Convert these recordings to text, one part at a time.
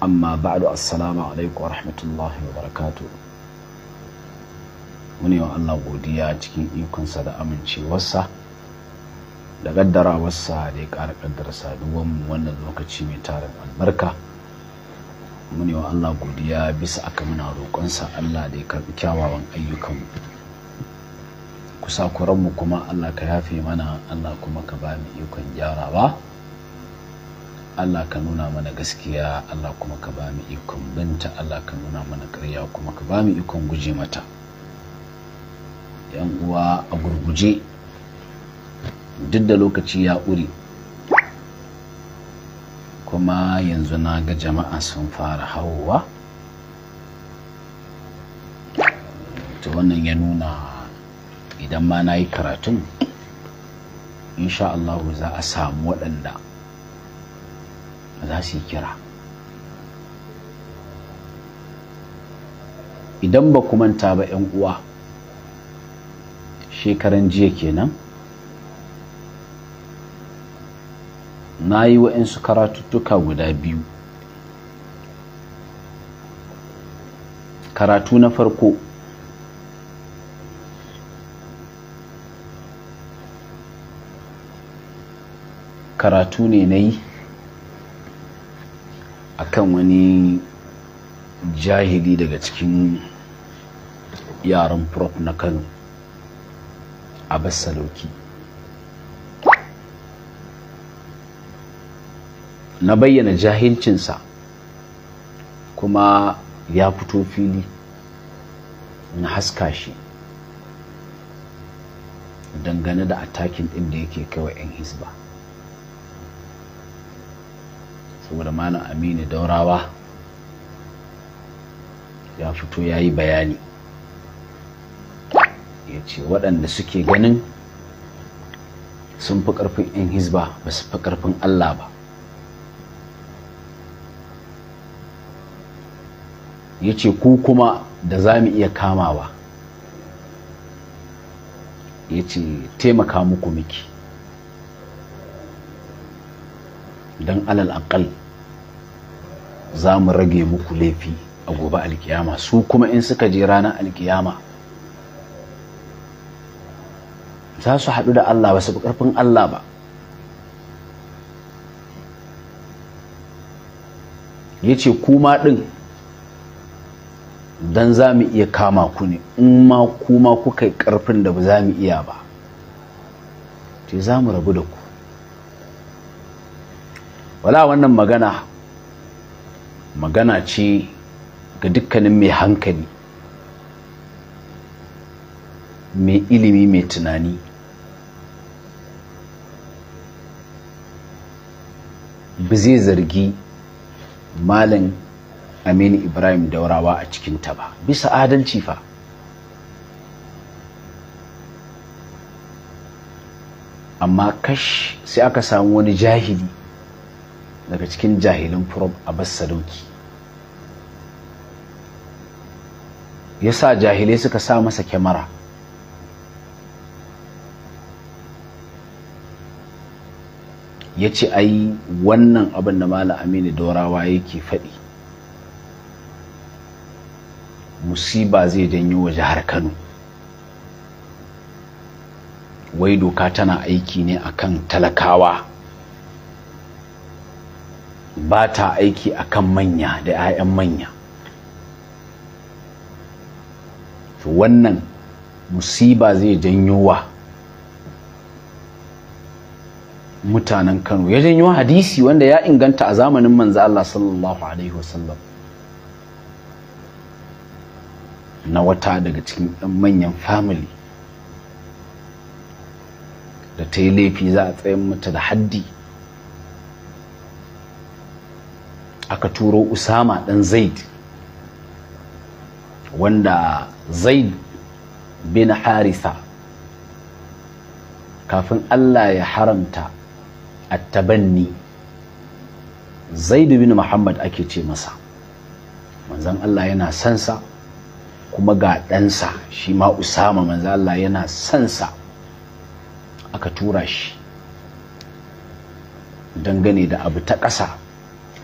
amma ba'du assalamu alaikum warahmatullahi wabarakatuh mune wa Allah godiya cikin ikonsa da amincewarsa da kaddarawarsa da ya ƙara ƙaddara saduwan wannan lokaci mai tarin albarka mune wa Allah godiya bisa aka muna roƙonsa Allah da ya karɓi kyawawan ayyukanmu kusa kuranmu kuma Allah ka yafe mana Allah kuma ka ba mu ikon gyarawa Allah ka nuna mana gaskiya Allah kuma ka ba mu ikon binta Allah ka nuna mana ƙarya kuma ka ba mu ikon guje mata yan uwa a gurguje duk da lokaci ya ƙure kuma yanzu na ga jama'a sun fara hauwa ta wannan ya nuna idan ma na yi karatun insha Allah za a samu waɗanda za su yi kira idan ba ku manta ba 'yan uwa shekaran jiya kenan na yi wa'insu karatuttuka guda biyu karatu na farko karatu ne na yi akan wani jahili daga cikin yaran prof na kano abbas saloki na bayyana jahilcinsa kuma ya fito fili na haska shi dangane da atakin ɗin da yake kawai 'yan hisba saboda malam aminu daurawa ya fito ya yi bayani ya ce waɗanda suke ganin sun fi ƙarfin 'yan hizba ba su fi ƙarfin allah ba ya ce ku kuma da za mu iya kamawa ya ce taimaka muku miki don alal aƙal za mu rage muku laifi a gobe alkiyama su kuma in suka je ranar alkiyama za su haɗu da Allah ba su ƙarfin Allah ba ya ce kuma ɗin don za mu iya kama ku ne in ma kuma kuka yi ƙarfin da ba za mu iya ba ce za mu rabu da ku wala wannan magana magana ce ga dukkanin mai hankali mai ilimi mai tunani ba zai zargi malin aminu ibrahim daurawa a cikin cikinta ba bisa adalci fa amma kash sai aka samu wani jahili daga cikin jahilin furob bassa sadauki ya sa jahilai suka sa masa kyamara ya ce ai wannan abin da mala aminu dorawa yake faɗi musiba zai janyo wa jihar kano wai doka tana aiki ne akan talakawa ba ta aiki a kan manya da 'ya'yan manya to wannan musiba zai janyo wa mutanen kano ya janyo hadisi wanda ya inganta a zamanin manzo Allah sallallahu alaihi wasallam na wata daga cikin manyan family da ta yi laifi za a tsayin mata da haddi aka turo usama dan zaid wanda zaid bin haritha kafin allah ya haramta attabanni zaid bin muhammad ake ce masa manzan allah yana sansa kuma ga ɗansa shi ma usama manzan allah yana sansa aka tura shi dangane da abu ta ƙasa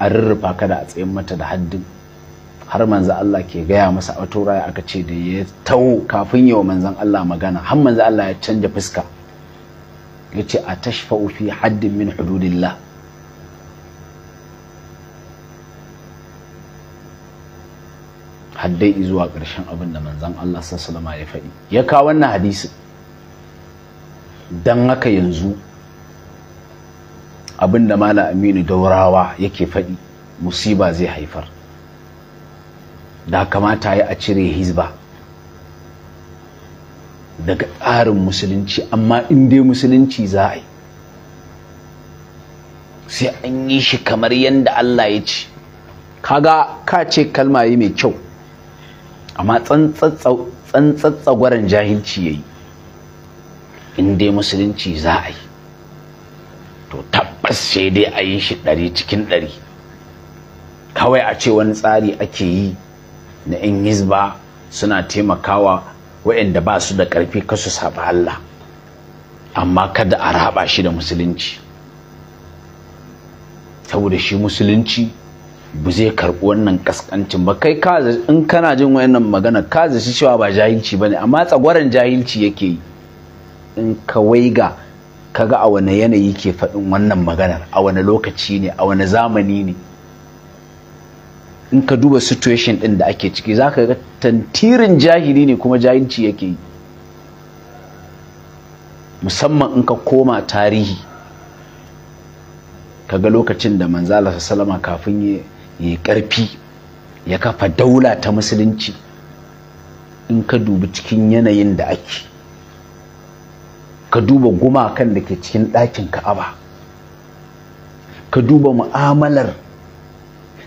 a rurrufa ka da a tsayin mata da haddin har manzo Allah ke gaya masa a turaya aka ce da ya tawo kafin yawa manzon Allah magana har manzo Allah ya canja fuska ya ce a tashfa fi haddin min hududillah haddai zuwa ƙarshen abin da manzon Allah sallallahu alaihi ya faɗi ya kawo wannan hadisin dan haka yanzu abin da mala aminu daurawa yake faɗi musiba zai haifar da kamata ya a cire hizba daga tsarin musulunci amma in dai musulunci za a yi sai an yi shi kamar yadda Allah ya ce kaga ka ce kalmaye mai kyau amma tsantsatsagwaren jahilci ya yi in dai musulunci za a yi to ta. tabbas sai dai a yi shi ɗari cikin ɗari kawai a ce wani tsari ake yi na 'yan hizba suna taimakawa waɗanda ba su da ƙarfi kasu saba Allah amma kada a raba shi da musulunci saboda shi musulunci ba zai karɓi wannan ƙasƙancin ba kai in kana jin wayannan magana ka shi cewa ba jahilci ba ne amma tsagwaron jahilci yake yi in ka waiga kaga a wane yanayi ke faɗin wannan maganar a wane lokaci ne a wane zamani ne in ka duba situation ɗin da ake ciki za ka ga tantirin jahili ne kuma jahilci yake yi musamman in ka koma tarihi kaga lokacin da manzala salama kafin ya yi ƙarfi ya kafa daula ta musulunci in ka dubi cikin yanayin da ake ka duba gumakan da ke cikin ɗakin ka Aba. ka duba mu'amalar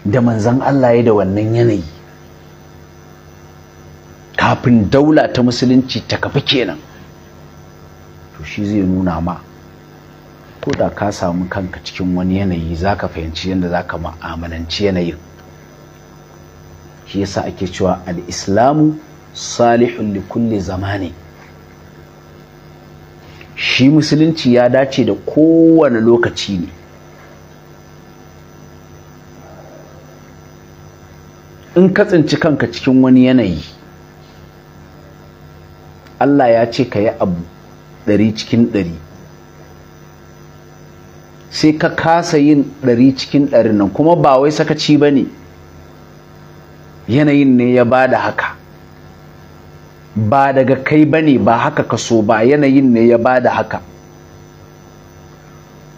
da manzan Allah ya da wannan yanayi kafin daula ta musulunci ta kafi kenan to shi zai nuna ma ko da ka samu kanka cikin wani yanayi za ka fahimci yadda za ka ma'amalanci yanayin shi yasa ake cewa al-islamu salihun li kulli zamani shi musulunci ya dace da kowane lokaci ne in ka tsinci kanka cikin wani yanayi Allah ya ce ka yi abu ɗari cikin ɗari sai ka kasa yin ɗari cikin ɗari nan kuma ba wai sakaci ba ne yanayin ne ya ba da haka ba daga kai ba ne ba haka ka so ba yanayin ne ya bada haka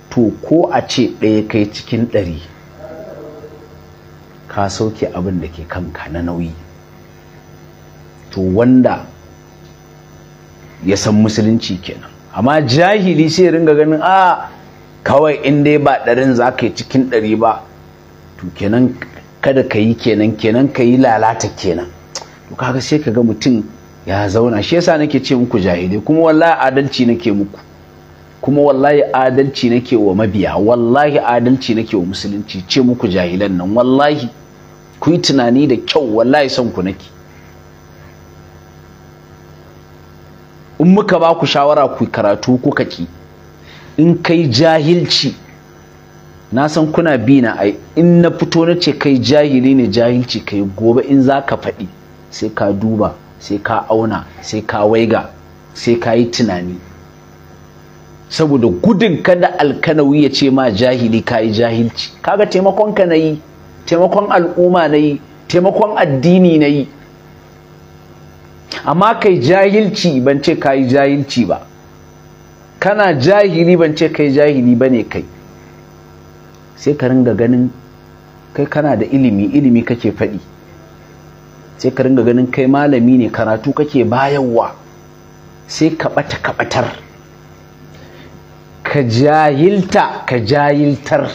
to ko a ce ɗaya kai cikin ɗari ka sauke abin da ke kanka na nauyi to wanda ya san musulunci kenan amma jahili sai ringa ganin a kawai in dai ba ɗarin za ka yi cikin ɗari ba to kenan kada ka yi kenan kenan ka yi lalata kenan to kaga sai ka ga mutum ya zauna shi yasa nake ce muku jahilai kuma wallahi adalci nake muku kuma wallahi adalci nake wa mabiya wallahi adalci nake wa musulunci ce muku jahilan nan wallahi ku yi tunani da kyau wallahi son ku nake in muka ba ku shawara ku karatu ku kaki in kai jahilci na san kuna bi na ai in na fito na ce kai jahili ne jahilci kai gobe in za ka faɗi sai ka duba sai ka auna sai ka waiga sai ka yi tunani saboda gudun kada alkanawi ya ce ma jahili ka yi jahilci kaga taimakon ka na yi taimakon al'umma na yi taimakon addini na yi amma kai jahilci ban ce ka yi jahilci ba kana jahili ban ce kai jahili ba ne kai sai ka ringa ganin kai kana da ilimi ilimi kake faɗi sai ka ringa ganin kai malami ne karatu kake bayarwa sai ka ɓata kaɓatar ka jahilta ka jahiltar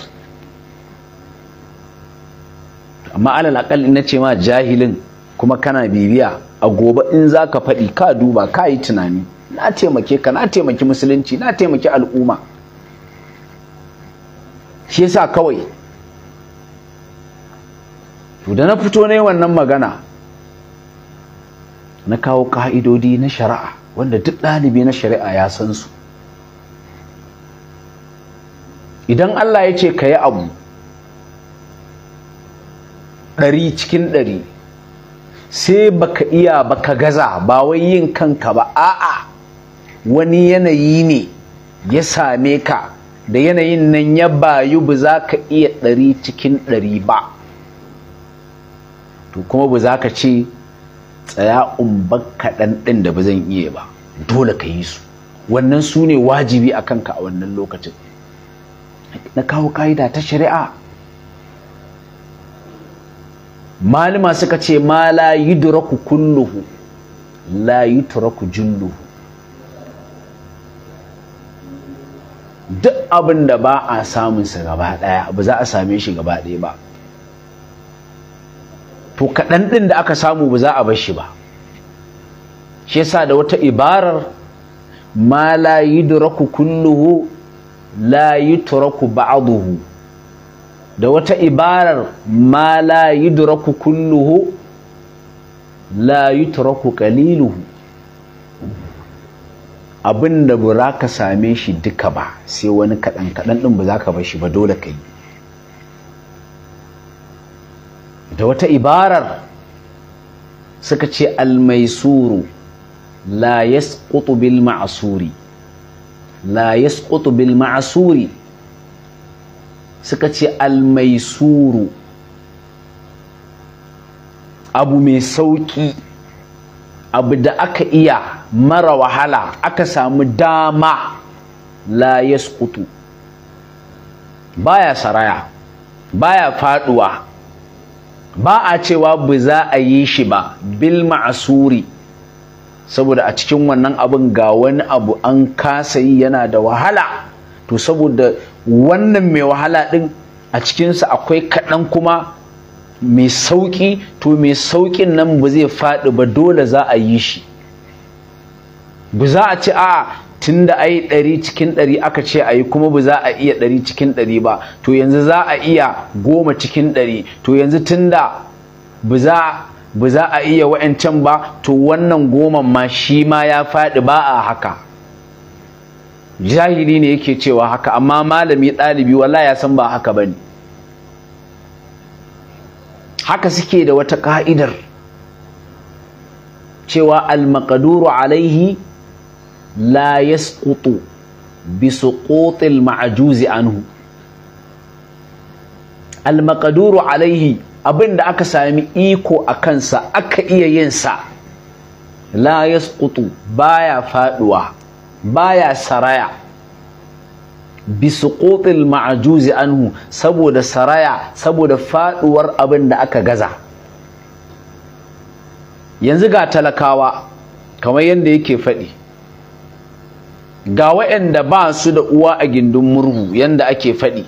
amma alal akal in nace ma jahilin kuma kana bibiya a gobe in za ka faɗi ka duba ka yi tunani na taimake ka na taimaki musulunci na taimaki al'umma shi yasa kawai to da na fito ne wannan magana na kawo ƙa'idodi na shari'a wanda duk ɗalibi na shari'a ya san su idan Allah ya ce ka yi abu ɗari cikin ɗari sai baka iya baka gaza ba wai yin kanka ba a'a wani yanayi ne ya same ka da yanayin nan ya bayu ba za ka iya ɗari cikin ɗari ba to kuma ba za ka ce tsaya in kaɗan ɗin da ba zan iya ba dole ka yi su wannan su ne wajibi a kanka a wannan lokacin na kawo ka'ida ta shari'a malama suka ce ma la yudraku kulluhu la yutraku julluhu duk abin da ba a samunsa gaba ɗaya ba za a same shi gaba ɗaya ba to kaɗan ɗin da aka samu ba za a bar shi ba shi yasa da wata ibarar ma la yi duraku kulluhu la yi turaku ba'aduhu. da wata ibarar ma la yi duraku kulluhu la yi yutraku kaliluhu. abinda ba ka same shi duka ba sai wani kaɗan kaɗan ɗin ba za ka bar shi ba dole ka yi da wata ibarar suka ce almaisuru la yasqutu bil ma'suri la yasqutu bil ma'suri suka ce almaisuru abu mai sauki abu da aka iya mara wahala aka samu dama la yasqutu baya saraya baya faduwa ba a cewa ba za a yi shi ba bil ma'asuri saboda a cikin wannan abin ga wani abu an kasa yi yana da wahala to saboda wannan mai wahala din a cikinsa akwai kaɗan kuma mai sauƙi to mai sauƙin nan ba zai faɗi ba dole za a yi shi ba za a ce a tun da yi ɗari cikin ɗari aka ce a yi kuma ba za a iya ɗari cikin ɗari ba to yanzu za a iya goma cikin ɗari to yanzu tun da ba za a iya wa'ancan ba to wannan goman ma shi ma ya faɗi ba a haka jahili ne yake cewa haka amma malami ɗalibi wala ya san ba haka ba ne haka suke da wata ƙa'idar cewa Al-Makaduru alaihi لا يسقط بسقوط المعجوز ma'juzi anhu al alaihi abin da aka sami iko a kansa aka iya yin sa la yasqutu baya faduwa baya saraya bi suqutil ma'juz anhu saboda saraya saboda faduwar abin da aka gaza yanzu ga talakawa kamar yadda yake faɗi ga waɗanda ba su da uwa a gindin murhu yanda ake faɗi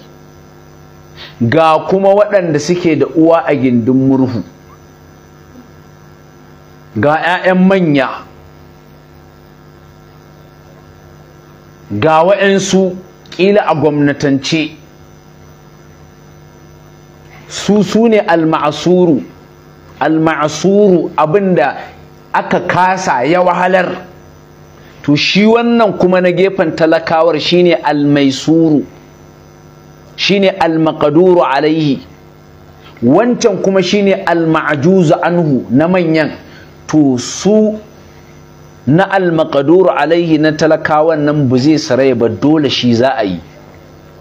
ga kuma waɗanda suke da uwa a gindin murhu ga 'ya'yan manya ga waɗansu ƙila a gwamnatance su su ne alma'asuru abin abinda aka kasa ya wahalar to shi wannan kuma na gefen talakawar shine almaisuru shine almaqduru alaihi wancan kuma shine almajuzu anhu na manyan to su na almaqduru alaihi na talakawan nan ba zai saraya ba dole shi za a yi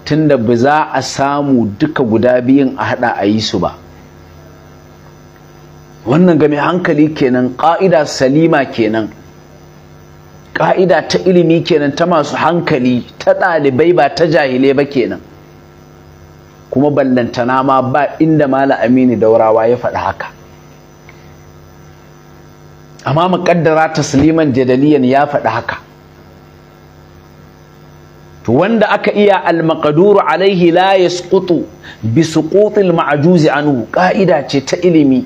tunda ba za a samu duka guda biyun a hada a yi su ba wannan ga hankali kenan ƙa'ida salima kenan ƙa'ida ta ilimi kenan ta masu hankali ta ɗalibai ba ta jahilai ba kenan kuma ballantana ma ba inda mala amini daurawa ya faɗi haka amma muƙaddara tasliman jadaliyan ya faɗi haka to wanda aka iya almaqduru alaihi la suƙutu bi suqutil ma'ajuzi anhu ƙa'ida ce ta ilimi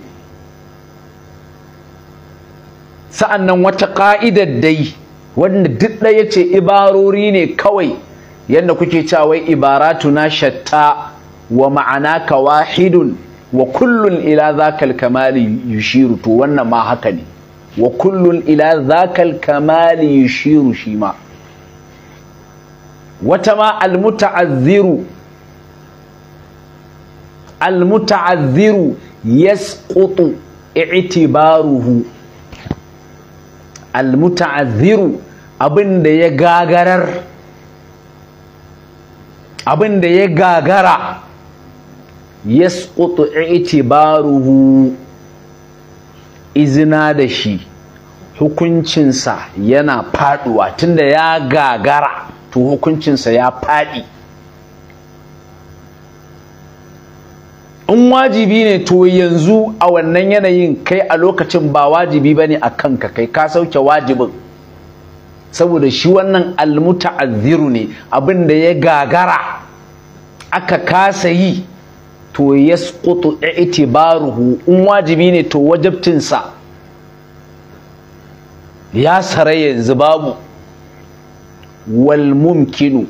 sa'annan wata ƙa'idar dai wanda duk ɗaya ce ibarori ne kawai yadda kuke Ibaratu na shatta wa ma'ana wahidun wa kullun ila zakal kamali yushiru to wannan ma haka ne wa kullun ila zakal kamali yushiru shi ma wata ma almuta'azziru almuta'azziru yasqutu i'tibaruhu almuta'azziru abinda ya gagarar abinda ya gagara yasqutu i'tibaruhu izina da shi hukuncinsa yana faduwa tunda ya gagara to hukuncinsa ya faɗi in wajibi ne to yanzu a wannan yanayin kai a lokacin ba wajibi ba ne a kanka kai ka sauke wajibin saboda shi wannan almuta almuta'azziru ne abin da ya gagara aka kasa yi to ya ba i'tibaruhu in wajibi ne to wajibtinsa ya sare yanzu babu wal mumkinu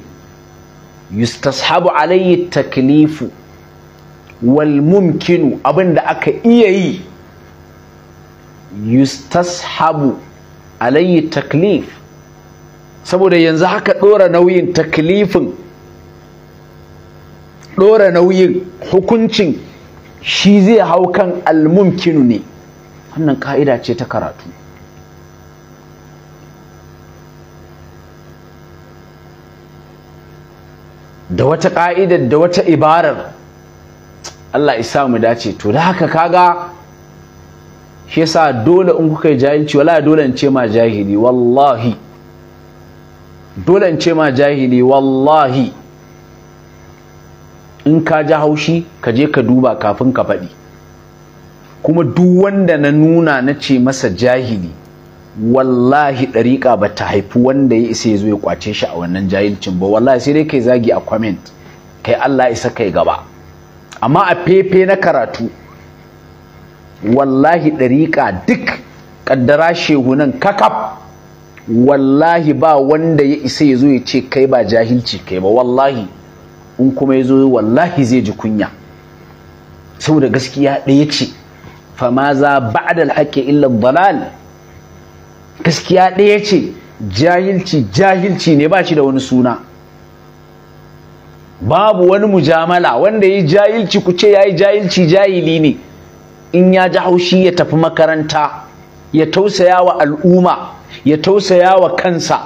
yustashabu alayhi taklifu Walmumkinu mumkinu abinda aka iya yi yustashabu alayyi taklif saboda yanzu haka ɗora nauyin taklifin ɗora nauyin hukuncin shi zai hau kan almumkinu ne wannan ka'ida ce ta karatu da wata ka'idar da wata ibarar Allah isa mu dace to da haka kaga shi yasa dole in kuka yi jahilci wala dole in ce ma jahili wallahi dole in ce ma jahili wallahi in ka ji haushi ka je ka duba kafin ka faɗi kuma duk wanda na nuna na ce masa jahili wallahi ɗariƙa ba ta haifi wanda ya isa ya zo ya kwace shi a wannan jahilcin ba wallahi sai dai kai zagi a comment kai Allah isa kai gaba amma a fefe na karatu wallahi ɗariƙa duk ƙaddara shehunan kakaf wallahi ba wanda ya isa ya zo ya ce kai ba jahilci kai ba wallahi in kuma ya zo wallahi zai ji kunya saboda gaskiya ɗaya ce fama za da haƙƙi illan dalal gaskiya ɗaya ce jahilci jahilci ne ba shi da wani suna babu wani mujamala wanda ya jahilci ku ce yayi jahilci jahili ne in ya ji haushi ya tafi makaranta ya tausaya wa al'umma ya tausaya wa kansa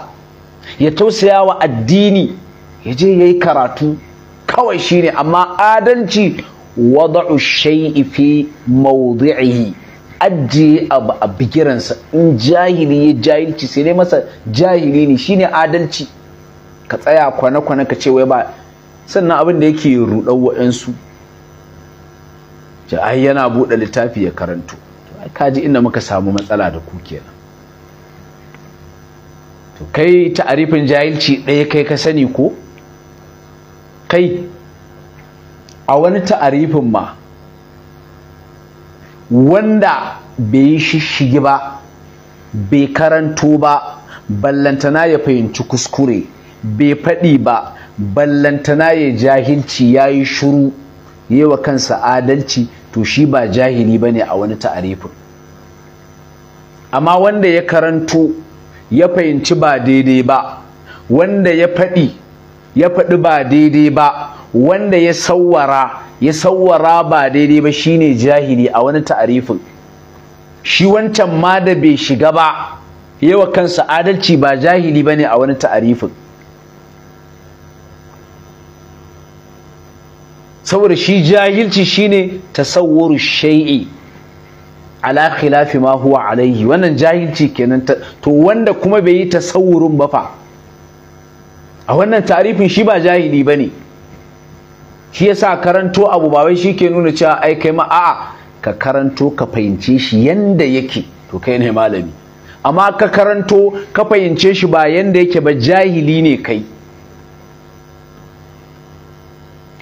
ya tausaya wa addini ya je yayi karatu kawai shine amma adalci wada'u shay'i fi mawdi'ihi ajiye abu a bigiransa in jahili ya jahilci sai dai masa jahili ne shine adalci ka tsaya kwana-kwana ka ce wai ba sannan abin da yake rudar waɗansu ja ai yana buɗe littafi ya karanto kaji inda muka samu matsala da ku kenan to kai ta'arifin jahilci ɗaya kai ka sani ko kai a wani ta'arifin ma wanda bai yi shishigi ba bai karanto ba ballantana ya fahimci kuskure bai faɗi ba ballantana ya jahilci ya yi shuru yi wa kansa adalci to shi ba jahili ba ne a wani ta'arifin amma wanda ya karanto ya fahimci ba daidai ba wanda ya faɗi ya faɗi ba daidai ba wanda ya sauwara ya sauwara ba daidai ba shine jahili a wani ta'arifin shi wancan ma da bai shiga ba yi wa kansa adalci ba jahili ba ne a wani ta'arifin saboda shi jahilci shine tasawwuru shay'i ala khilafi ma huwa alaihi wannan jahilci kenan to wanda kuma bai yi tasawurin ba fa a wannan tarifin shi ba jahili bane shi yasa karanto abu ba wai ke nuna cewa ai kai ma a'a ka karanto ka fahimce shi yanda yake to kai ne malami amma ka karanto ka fahimce shi ba yanda yake ba jahili ne kai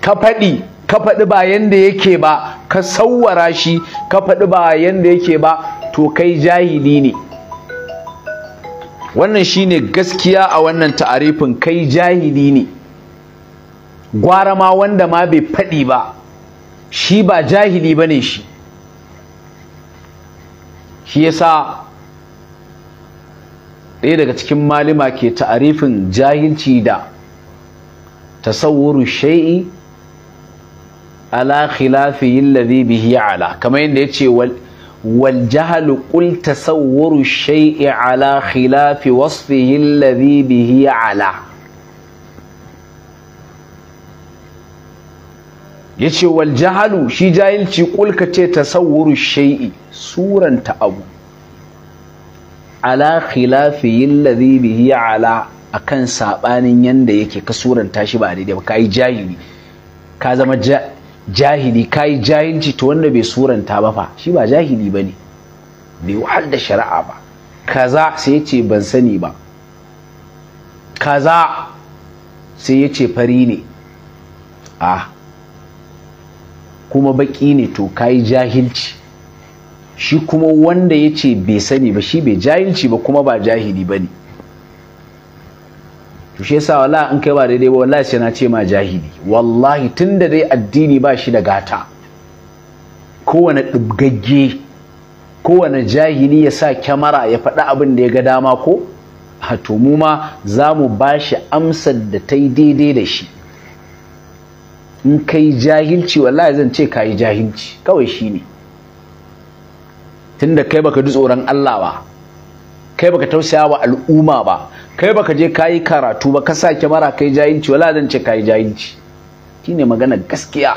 ka faɗi ka faɗi ba yanda yake ba ka sauwara shi ka faɗi ba yanda yake ba to kai jahili ne wannan shi ne gaskiya a wannan ta'arifin kai jahili ne gwara ma wanda ma bai faɗi ba shi ba jahili ba ne shi shi yasa ɗaya daga cikin malima ke ta'arifin jahilci da tasawuru shai'i ala khilafi yalladhi bihi ala kamar yadda yace wal wal jahl qul tasawwuru shay'i ala khilafi wasfihi alladhi bihi ala yace wal jahalu shi jahilci qul kace tasawwuru shay'i suranta abu ala khilafi yalladhi bihi ala akan sabanin yanda yake ka suranta shi ba daidai ba kai jahili ka zama jahili kayi jahilci to wanda bai suranta ba fa shi ba jahili ba ne bai wahal da shari'a ba kaza sai ya ce ban sani ba kaza sai ya ce fari ne a kuma baki ne to kayi jahilci shi kuma wanda ya ce bai sani ba shi bai jahilci ba kuma ba jahili ba ne to shi yasa wala in kai ba daidai ba wallahi sai na ce ma jahili wallahi tunda dai addini ba shi da gata kowane ɗibgagge kowane jahili ya sa kyamara ya faɗi abin da ya ga dama ko to mu ma za mu ba shi amsar da ta yi daidai da shi in ka yi jahilci wallahi zan ce ka yi jahilci kawai shi ne tunda kai baka ji tsoron Allah ba kai baka tausaya wa al'umma ba kai baka je kayi karatu ba ka sa kyamara kai jayinci wala zan ce kayi jayinci shine magana gaskiya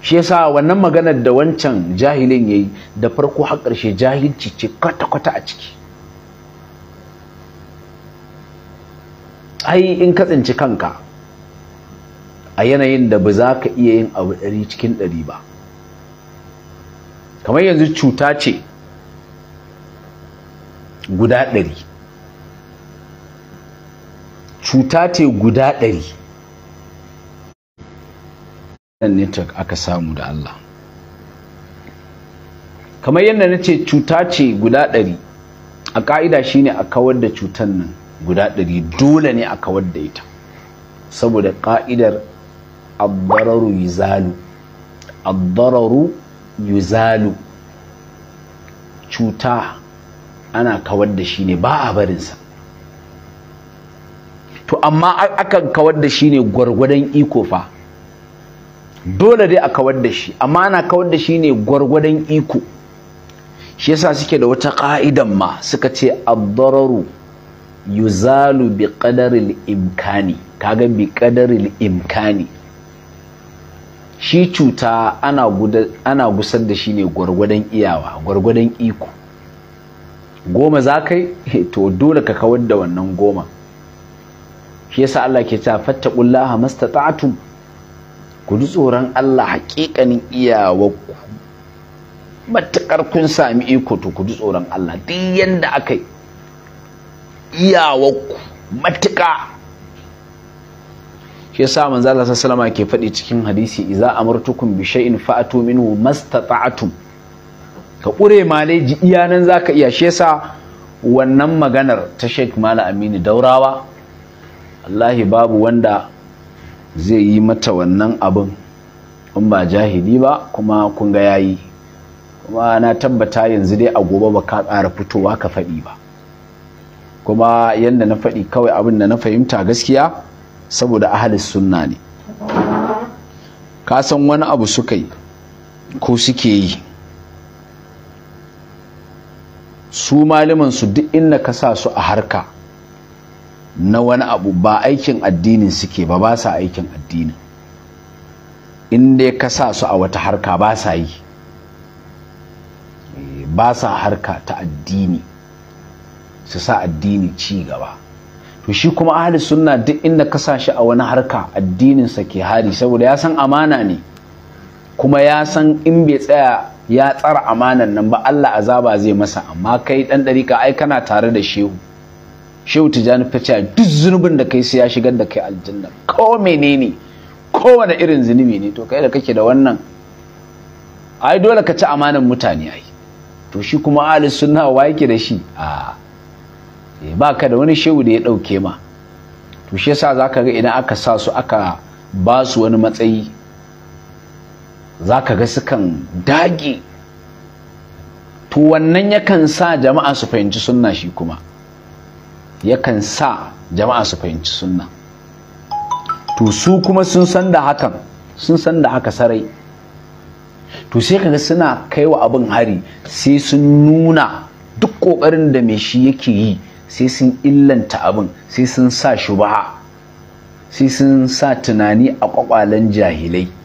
shi yasa wannan maganar da wancan jahilin yayi da farko har ƙarshe jahilci ce kwata-kwata a ciki ai in ka tsinci kanka a yanayin da ba za ka iya yin abu ɗari cikin ɗari ba kamar yanzu cuta ce guda ɗari cuta ce guda ɗari wannan ta aka samu da Allah kamar yadda na ce cuta ce guda ɗari a ƙa'ida shine a kawar da cutar nan guda ɗari dole ne a kawar da ita saboda ƙa'idar zalu abbararu yi zalu cuta ana kawar da shi ne ba a barinsa to amma akan kawar da shi ne gwargwadon iko fa dole dai a kawar da shi amma ana kawar da shi ne gwargwadon iko shi yasa suke da wata ka'idan ma suka ce ad yuzalu bi qadaril imkani kaga bi qadaril imkani shi cuta ana gusar da shi ne gwargwadon iyawa gwargwadon iko goma za ka yi to dole ka kawar da wannan goma shi yasa Allah ke cewa fattaqullaha mastata'tum ku ji tsoron Allah haƙiƙanin iyawarku matakar kun sami iko to ku ji tsoron Allah duk yanda aka yi iyawarku matuƙa shi yasa manzo Allah sallallahu alaihi wasallam ke faɗi cikin hadisi idza amartukum bi shay'in fa'atu minhu mastata'tum ka ƙure maleji iya nan za ka iya shesa wannan maganar ta Sheikh mala aminu daurawa allahi babu wanda zai yi mata wannan abin in ba jahili ba kuma kun ga yayi kuma na tabbata yanzu dai a gobe ba ka ƙara fitowa ka faɗi ba kuma yadda na faɗi kawai abin da na fahimta gaskiya saboda ahalis sunna ne ka san wani abu suka yi ko suke yi su malumansu su duk inda ka sa su a harka na wani abu ba aikin addinin suke ba ba sa aikin addinin inda ka sa su a wata harka ba sa yi eh, ba sa harka ta addini su sa addini ci gaba to shi kuma ahli sunna duk inda ka sa shi a wani harka addininsa ke hari saboda ya san amana ne kuma ya san in bai tsaya ya tsara amanan nan ba Allah azaba zai masa amma kai dan ɗarika ai kana tare da shehu shehu tijani ta ce duk zunubin da kai sai ya shigar da kai aljanna ko menene Ko wani irin zunubi ne to kai da kake da wannan ai dole ka ci amanan mutane ai to shi kuma ahli sunna wa yake da shi a eh, ba ka da wani shehu da ya dauke ma to shi yasa zaka ga idan aka sa su aka ba su wani matsayi za ka ga sukan dage to wannan yakan sa jama'a su fahimci sunna shi kuma yakan sa jama'a su fahimci sunna to su kuma sun san da hakan sun san da haka sarai to sai ka ga suna kai wa abin hari sai sun nuna duk ƙoƙarin da mai shi yake yi sai sun illanta abin sai sun sa shubaha sai sun sa tunani a ƙwaƙwalen jahilai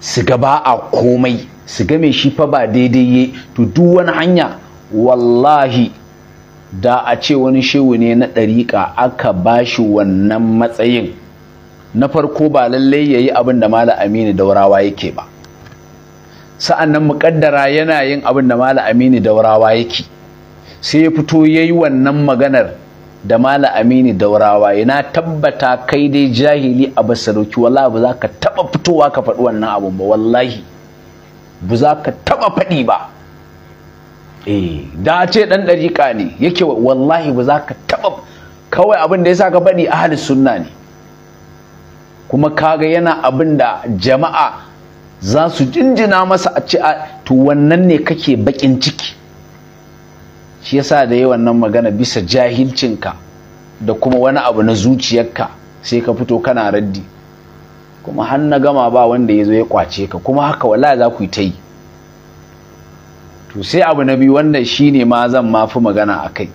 su ga ba a komai su ga mai shi fa ba daidai to duk wani hanya wallahi da a ce wani shehu ne na ɗariƙa aka ba shi wannan matsayin na farko ba lallai ya yi abin da mala aminu daurawa yake ba sa'an nan muƙaddara yana yin abin da mala aminu daurawa yake sai ya fito ya yi wannan maganar da mala amini daurawa yana tabbata kai dai jahili a basarauki wallahi ba za ka taba fitowa ka faɗi wannan abun ba wallahi ba za ka taba faɗi ba eh da ce dan dariƙa ne yake wallahi ba za ka taba kawai abin da yasa ka faɗi ahli sunna ne kuma kaga yana abin da jama'a za su jinjina masa a ce to wannan ne kake bakin ciki shi yasa da yi wannan magana bisa jahilcinka da kuma wani abu na zuciyarka sai ka fito kana raddi kuma har na gama ba wanda ya zo ya kwace ka kuma haka wala za ku yi ta yi to sai abu na biyu wannan shi ne ma zan mafi magana a kai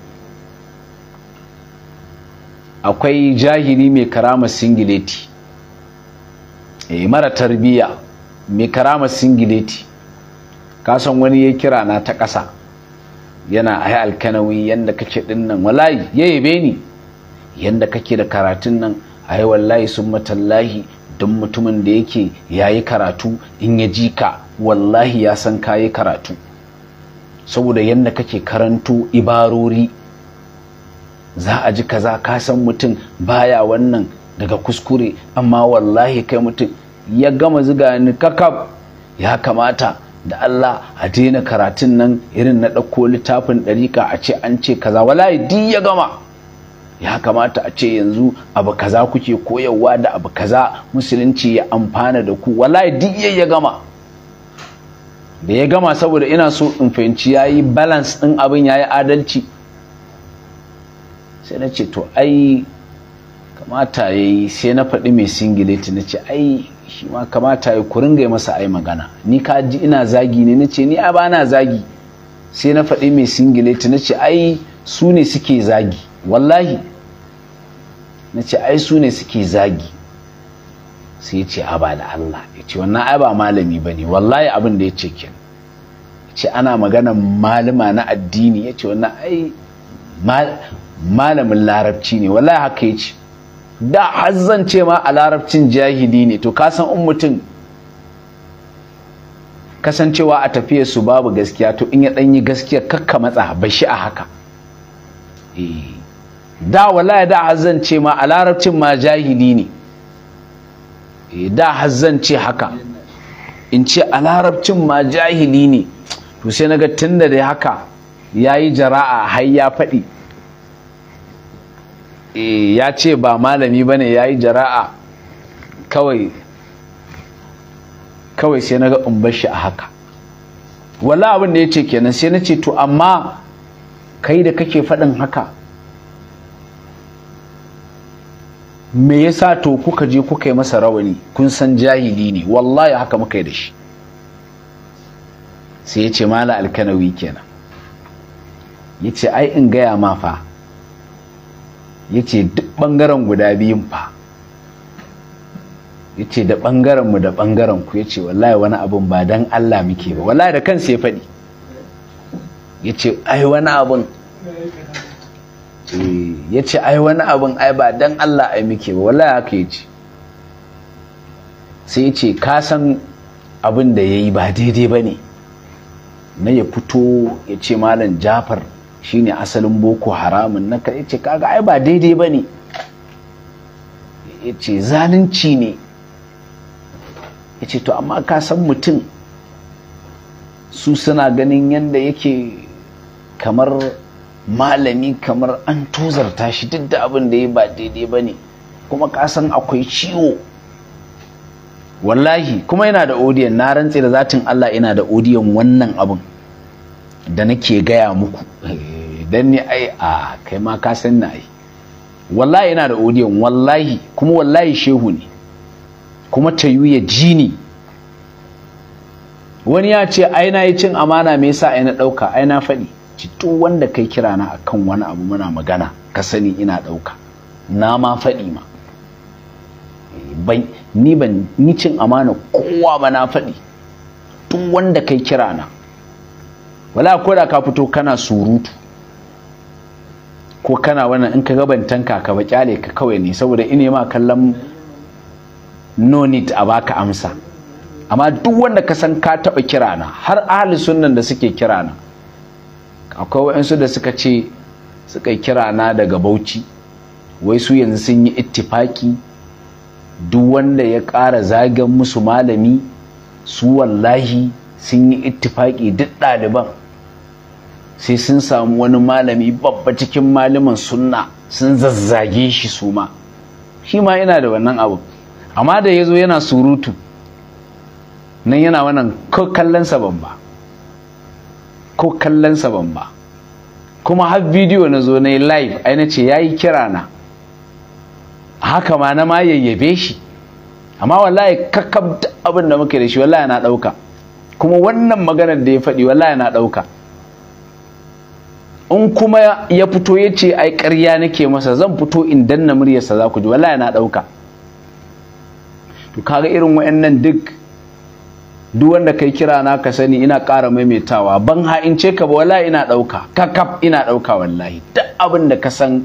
akwai jahili mai karama singileti e mara tarbiyya mai karama singileti kasan wani ya kira na ta ƙasa yana a alkanawi yadda kake din nan wallahi ya yabe ni yanda kake da karatun nan a yi wallahi sun matallahi don mutumin da yake ya yi karatu in ya ji ka wallahi ya san ka yi karatu saboda yanda kake karanto ibarori za a ji kaza ka san mutum baya wannan daga kuskure amma wallahi kai mutum ya gama ziga ni kakab ya kamata da Allah a daina karatun nan irin na ɗauko littafin ɗarika a ce an ce kaza wallahi duk ya gama ya kamata a ce yanzu abu kaza kuke koyarwa da abu kaza musulunci ya amfana da ku wallahi duk ya gama da ya gama saboda ina so in fahimci ya yi balance ɗin abin ya yi adalci sai na ce to ai kamata ya yi sai na faɗi mai singileti na ce ai shi ma kamata ya kuringa masa ai magana ni ka ji ina zagi ne na ce ni a bana zagi sai na faɗi mai singileti na ce ai su ne suke zagi wallahi na ce ai su ne suke zagi sai ya ce a ba da Allah ya ce wannan ai ba malami ba ne wallahi abin da ya ce kin ce ana magana malama na addini ya ce wannan ai malamin larabci ne wallahi haka ya ce da har ce ma a larabcin jahili ne to kasan in mutum kasancewa a tafiya su babu gaskiya to in ya ɗanyi gaskiya kakka matsa bashi a haka eh. da wala da har ce ma a larabcin ma jahili ne eh, da har ce haka in ce a larabcin ma jahili ne to sai naga tunda da haka yi jara'a har ya faɗi Eh, ya ce ba malami ba ne ya yi jara'a kawai sai na ga in shi a haka wala abin da ya ce kenan sai na ce to amma kai da kake faɗin haka me yasa to kuka je kuka yi masa rawani kun san jahili ne wallahi haka muka yi da shi sai ya ce mala alkanawi kenan ya ce ai in gaya ma fa ya ce duk ɓangaren guda biyun fa ya ce da ɓangarenmu da ɓangarenku ya ce wallahi wani abin ba don Allah muke ba wallahi da kan ya faɗi ya ce ai wani abin eh, ya ce ai wani abin ai ba don Allah ai muke ba wallahi haka ya ce sai ya ce ka san abin da ya yi ba daidai ba ne na ya fito ya ce malam jafar shine asalin boko haramun na kai ce kaga ai ba daidai ba ne ya ce zalunci ne ya ce to amma ka san mutum su suna ganin yadda yake kamar malami kamar an tozarta shi duk da abin da ya ba daidai ba ne kuma ka san akwai ciwo wallahi kuma yana da odiyon na rantse da zatin Allah yana da odiyon wannan abin da nake gaya muku dan ni ai a kai ma ka san na ai wallahi yana da odiyon wallahi kuma wallahi shehu ne kuma tayu ya ji ni wani ya ce ai na yi cin amana me yasa ai na dauka ai na faɗi ci duk wanda kai kira na akan wani abu muna magana ka sani ina ɗauka. na ma faɗi ma ban ni ban ni cin amana kowa ba na faɗi Tun wanda kai kira na wala ko da ka fito kana surutu ko kana wannan in ka tanka ka ba kyale ka kawai ne saboda ine ma kallon no need a baka amsa amma duk wanda ka san ka taɓa na har ahli sunnan da suke kirana akwai waɗansu da suka ce suka kira na daga bauchi wai su yanzu sun yi ittifaki duk wanda ya ƙara zagen musu malami su wallahi sun yi ittifaki duk ɗaliban sai sun samu wani malami babba cikin malamin sunna sun zazzage shi su ma shi ma yana da wannan abu amma da ya zo yana surutu nan yana wannan ko kallon saban ba ko kallon saban ba kuma har bidiyo na zo na yi live a na ce ya yi kira na haka ma na ma yayyabe shi amma wallahi kakkab abin da muke da shi wallahi na ɗauka kuma wannan maganar da ya faɗi wallahi na ɗauka in kuma ya fito ya ce ai karya nake masa zan fito in danna muryarsa za ku ji wallahi na ɗauka to kaga irin wayannan duk duk wanda kai kira na ka sani ina ƙara maimaitawa ban ha'ince ka ba wallahi ina ɗauka kakaf ina ɗauka wallahi duk abin da ka san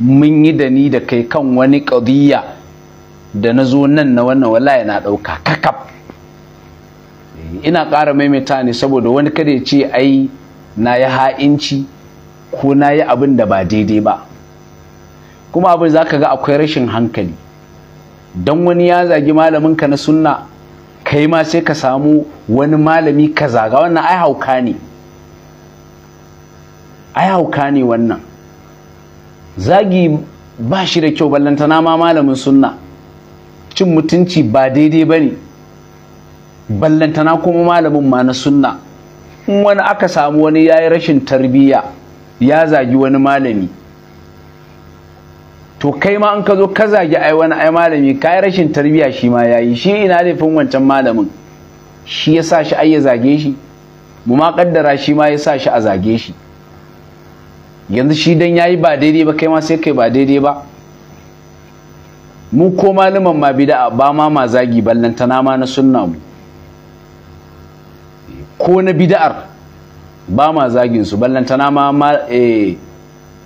mun yi da ni da kai kan wani ƙadiyya da na zo nan na wannan wallahi na ɗauka kakaf eh, ina ƙara maimaita ne saboda wani kada ya ce ai na yi ha'inci ko na yi abin da ba daidai ba kuma abin za ka ga akwai rashin hankali don wani ya zagi malaminka na sunna kai ma sai ka samu wani malami ka zaga wannan ai hauka ne ai hauka ne wannan zagi ba shi da kyau ballantana ma malamin sunna cin mutunci ba daidai ba ne ballantana kuma malamin ma na sunna in wani aka samu wani ya yi rashin tarbiyya ya zagi wani malami to kai ma an ka zo ka zagi ai wani ai malami ka yi rashin tarbiyya shi ma ya yi shi ina laifin wancan malamin shi ya sa shi ai ya zage shi mu ma kaddara shi ma ya sa shi a zage shi yanzu shi dan yayi ba daidai ba kai ma sai kai ba daidai ba mu ko malaman ma bid'a ba ma ma zagi ballantana ma na sunna mu ko na bida'ar ba ma zagin su ballantana ma eh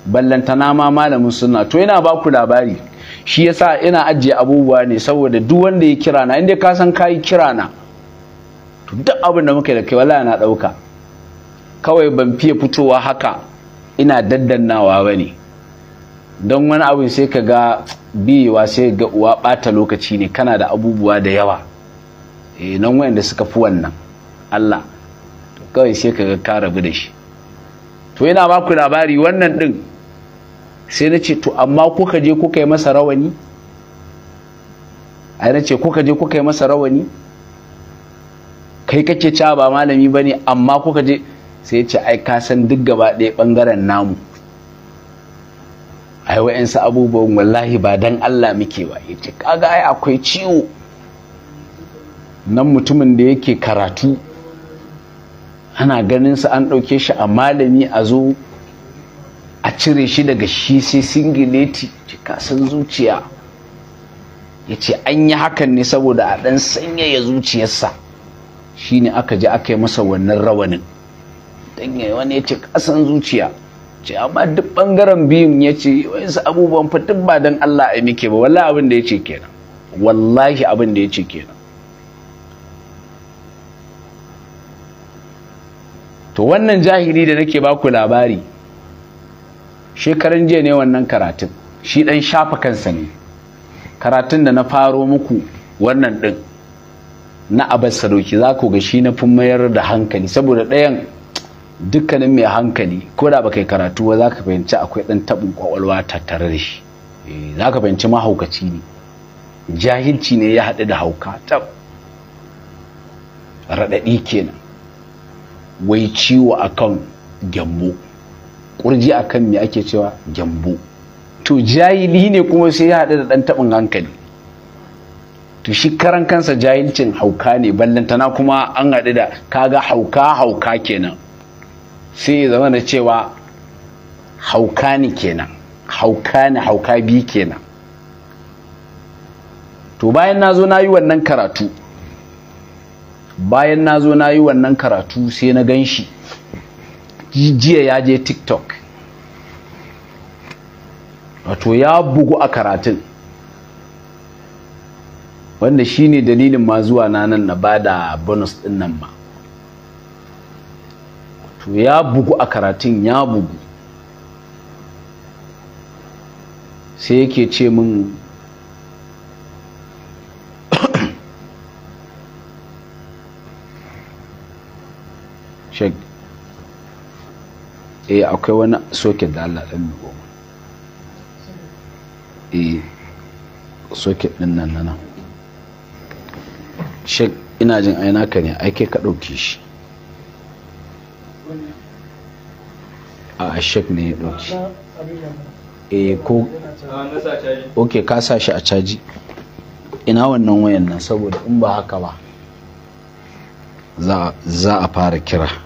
ma malamin sunna to yana ba ku labari shi yasa ina ajiye abubuwa ne saboda duk wanda ya kira na inda ka san kai kira na to duk abin da muka yi da kai wallahi na dauka kawai ban fiye fitowa haka ina daddannawa bane don wani abu sai ka ga biyewa sai ga uwa bata lokaci ne kana da abubuwa da yawa eh nan wayanda suka fi wannan Allah kawai sai ka ga da shi to yana ba ku labari wannan din sai na ce to amma kuka je kuka yi masa rawani a na ce kuka je kuka yi masa rawani kai kake cewa ba malami bane amma kuka je sai ce ai ka san duk gaba ɗaya ɓangaren namu ai wa'yansu abubuwan wallahi ba dan Allah muke ba ya kaga ai akwai ciwo nan mutumin da yake karatu ana ganin sa an ɗauke shi a malami a zo a cire shi daga shi sai singileti kasan zuciya ya ce an yi hakan ne saboda a ɗan sanyaya zuciyarsa shi ne aka ji aka yi masa wannan rawanin yi wani ya ce ƙasan zuciya ce amma duk ɓangaren biyun ya ce wasu abubuwan fa duk ba don Allah a muke ba wallahi abin da ya ce kenan wallahi abin da ya ce kenan to wannan jahili da nake baku labari shekaran jiya ne wannan karatun shi ɗan shafa kansa ne karatun da na faro muku wannan ɗin na abas sadoki za ku ga shi na fi mayar da hankali saboda ɗayan dukkanin mai hankali ko da baka yi karatu ba za ka fahimci akwai ɗan taɓin kwakwalwa tattare da shi eh, za ka fahimci mahaukaci ne jahilci ne ya haɗu da hauka tab raɗaɗi kenan wai ciwo akan gyambo kurji akan me ake cewa gyambo to jahili ne kuma sai ya haɗu da ɗan taɓin hankali to shi karan kansa jahilcin hauka ne ballantana kuma an haɗu da kaga hauka hauka kenan sai ya zama da cewa hauka ne kenan hauka ne hauka biyu kenan to bayan na zo na yi wannan karatu bayan na zo na yi wannan karatu sai na gan shi jiya ya je tiktok wato ya bugu a karatun wanda shi ne dalilin ma zuwa na nan na ba da bonus din nan ma Wato ya bugu a karatun ya bugu sai yake ce min shek eh akwai wani soket da Allah ɗan miƙo eh soket ɗin nan nan shek ina jin aina ka ne aike ka ɗauki shi a shek ne ya ɗauki eh ko ok ka sa shi a caji ina wannan wayan nan saboda in ba haka ba za a fara kira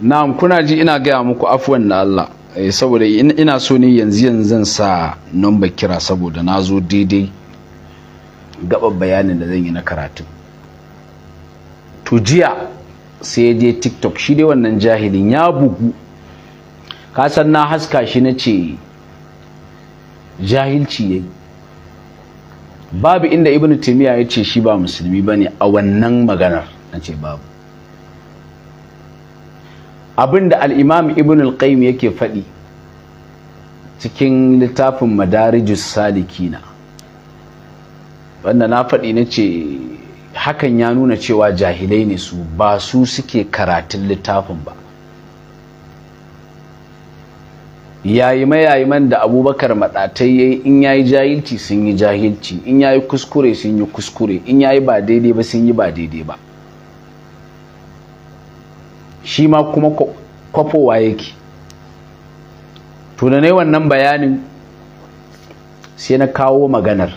na'am kuna ji ina gaya muku afuwan da Allah eh, saboda ina so ne yanzu yanzu zan sa number kira saboda na zo daidai gaba bayanin da zan yi na karatu to jiya sai ya je tiktok shi dai wannan jahilin ya bugu kasan na haska shi na ce jahilci ya yi babu inda ibn timiya ya ce shi ba musulmi ba ne a wannan maganar na ce babu abinda da al'imam ibn al qaim yake faɗi cikin littafin madarijus salikina wanda na faɗi na ce hakan ya nuna cewa jahilai ne su ba su suke karatun littafin ba yayima man da abubakar maɗatai ya in ya yi jahilci sun yi jahilci in ya yi kuskure sun yi kuskure in ya yi ba daidai ba sun yi ba daidai ba shi ma kuma kwafowa yake tunanai wannan bayanin sai na kawo maganar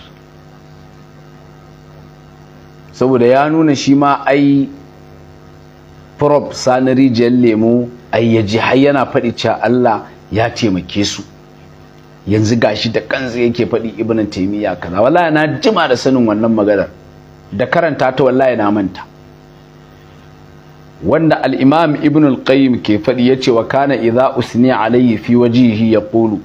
saboda ya nuna shi ma ai prop sani rijiyar lemo ai ya har yana faɗi cewa Allah ya taimake su yanzu gashi da kanzu yake faɗi ibn taimiyya kaza wallahi na jima da sanin wannan maganar da karanta ta wallahi na manta wanda alimam ibn al-qayyim ke faɗi yace wa kana iza usni alayhi fi ya yaqulu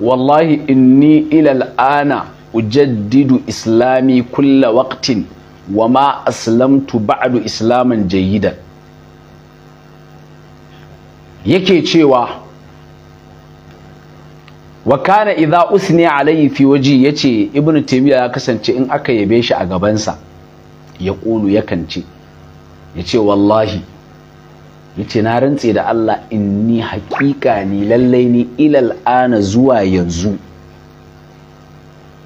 wallahi inni ila ana ujaddidu islami kulla waqtin wa ma aslamtu ba'du islaman jayyidan yake cewa wa kana iza usni alayhi fi waji yace ibnu taymiya ya kasance in aka yabe shi a gabansa ya kulu yakan ce ya ce wallahi ya ce na rantse da Allah inni haƙiƙa ni lallai ni ilal ana zuwa yanzu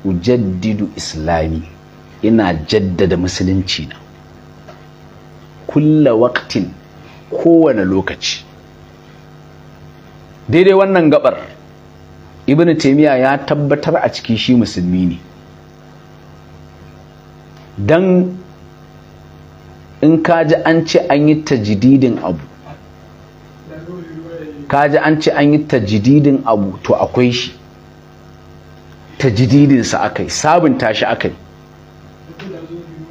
ujaddidu islami ina jaddada musulunci na kulla waktin kowane lokaci daidai wannan gabar ibn taimiyya ya tabbatar a ciki shi musulmi ne don in ka ji an ce an yi tajididin abu ji an ce an yi tajididin abu to akwai shi tajididinsa aka yi sabunta shi aka yi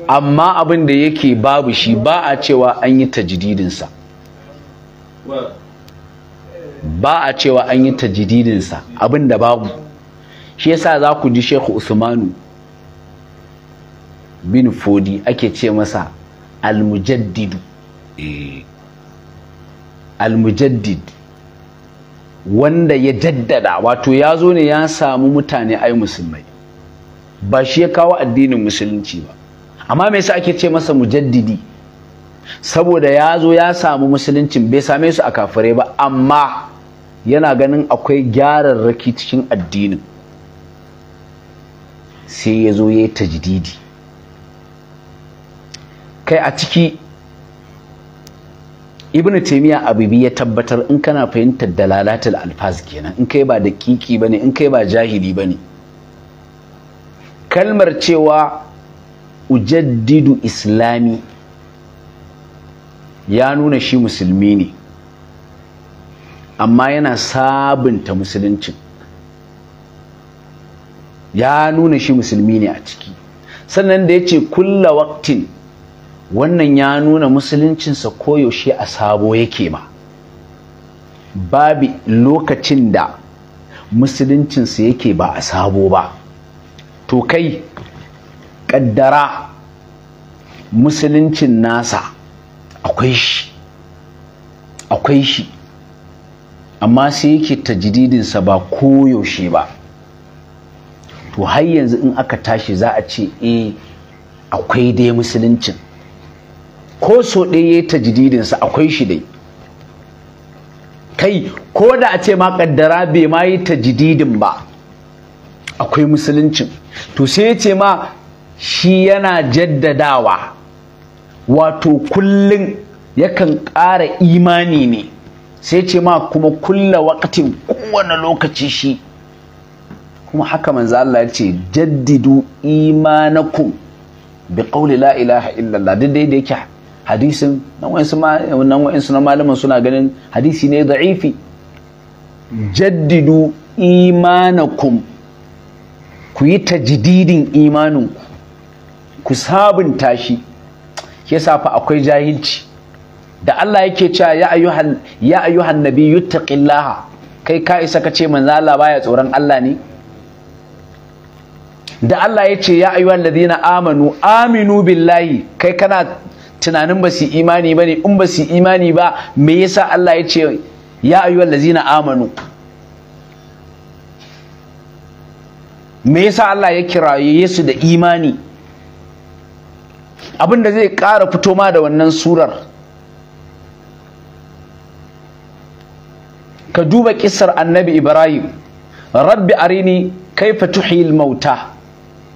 amma abin da yake babu shi ba a cewa an yi tajididinsa ba a cewa an yi tajididinsa abin da babu shi yasa za ku ji shekhu usmanu bin fodi ake ce masa almujaddidu eh. almujaddid wanda ya jaddada wato ya zo ne ya samu mutane ai musulmai ba shi ya kawo addinin musulunci ba amma me yasa ake ce masa mujaddidi saboda ya zo ya samu musuluncin bai same su a kafirai ba amma yana ganin akwai gyararraki cikin addinin sai ya zo ya yi tajdidi kai a ciki ibnu taymiya abubi ya tabbatar in kana fahimtar dalalatul alfaz kenan in kai ba daƙiƙi bane in kai ba jahili bane kalmar cewa ujaddidu islami ya nuna shi musulmi ne amma yana sabunta musuluncin ya nuna shi musulmi ne a ciki sannan da ya ce kulla waktin wannan ya nuna musuluncinsa koyaushe a sabo yake ma babu lokacin da musuluncinsa yake ba a sabo ba to kai ƙaddara musuluncin nasa akwai shi akwai shi amma sai yake ta jididinsa ba koyaushe ba to har yanzu in aka tashi za a ce eh akwai dai musuluncin ko so ɗaya ya tajdidinsa akwai shi dai kai ko da a ce ma kaddara bai ma yi jididin ba akwai musuluncin to sai ya ce ma shi yana jaddadawa wato kullum yakan ƙara imani ne sai ya ce ma kuma kulla wakatin kowane lokaci shi kuma haka manzo Allah ya ce jaddidu imanakum bi qawli la ilaha illallah duk da yake hadisin nan wa'insu na malaman suna ganin hadisi ne da'ifi jaddidu imanakum ku yi ta jididin imaninku ku sabunta shi shi yasa akwai jahilci da Allah yake cewa ya ayyuhan ya ayyuhan Nabi kai ka isa ka ce manzo Allah baya tsoron Allah ne da Allah ya ce ya ayyuhan ladina amanu aminu billahi kai kana tunanin ba su imani ba ne in ba su imani ba me yasa Allah ya ce ya ayyuhal lazina amanu me yasa Allah ya kiraye Yesu da imani abin da zai ƙara fito ma da wannan surar ka duba kisar annabi ibrahim rabbi arini kaifa tuhil mauta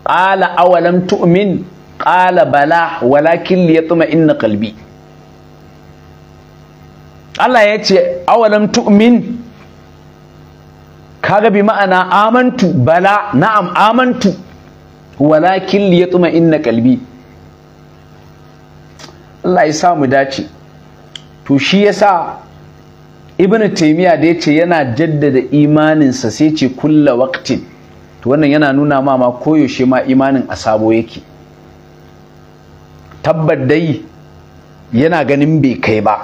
qala awalam tu'min ƙala bala walakin li yatma inna qalbi Allah ya ce awalam tu'min kaga bi ma'ana amantu bala na'am amantu walakin li yatma inna qalbi Allah ya sa mu dace to shi yasa ibn taymiya da yace yana jaddada imaninsa sai ce kulla waqtin to wannan yana nuna ma ma koyaushe ma imanin a asabo yake tabbat dai yana ganin bai kai ba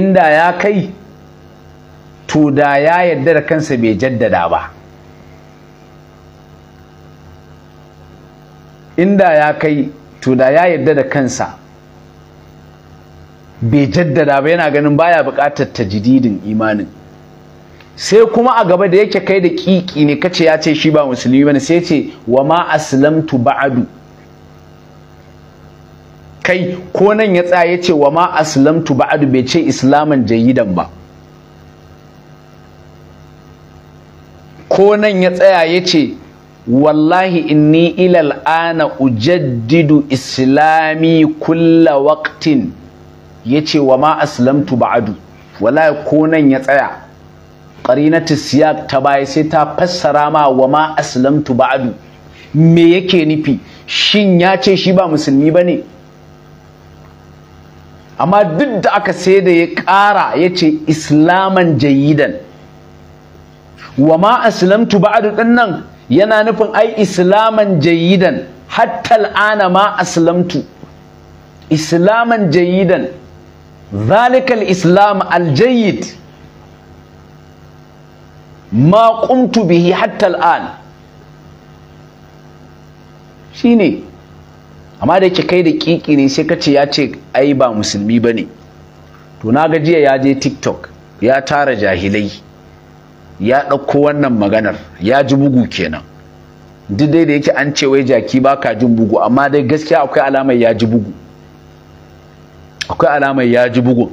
inda ya kai to da ya yarda da kansa bai jaddada ba inda ya kai to da ya yarda da kansa bai jaddada ba yana ganin baya buƙatar tajididin imanin sai kuma a gaba da yake kai da kiki ne kace ya ce shi ba musulmi bane sai ce wa ma aslamtu ba'adu kai ko nan ya tsaya ya ce wa ma aslamtu ba'adu bai ce islaman jayidan ba ko nan ya tsaya ya ce wallahi inni ilal ana ujaddidu islami kulla waqtin ya ce wa ma aslamtu ba'adu wallahi ko nan ya tsaya qarinatu siyaq ta baya sai ta fassara ma wa ma aslamtu ba'adu me yake nufi shin ya ce shi ba musulmi bane amma duk da aka sai da ya ƙara ya ce islaman jayidan wa ma aslamtu ba'du din nan yana nufin ai islaman jayidan hatta al'ana ma aslamtu islaman jayidan zalika al-islam al-jayyid ma qumtu bihi hatta al'an shine amma da yake kai da kiki ne sai kace ya ce ai ba musulmi bane to na ga jiya ya je TikTok ya tara jahilai ya ɗauko wannan maganar ya ji bugu kenan duk dai da yake an ce wai jaki ba ka jin bugu amma dai gaskiya akwai alamar ya ji bugu akwai alamar ya ji bugun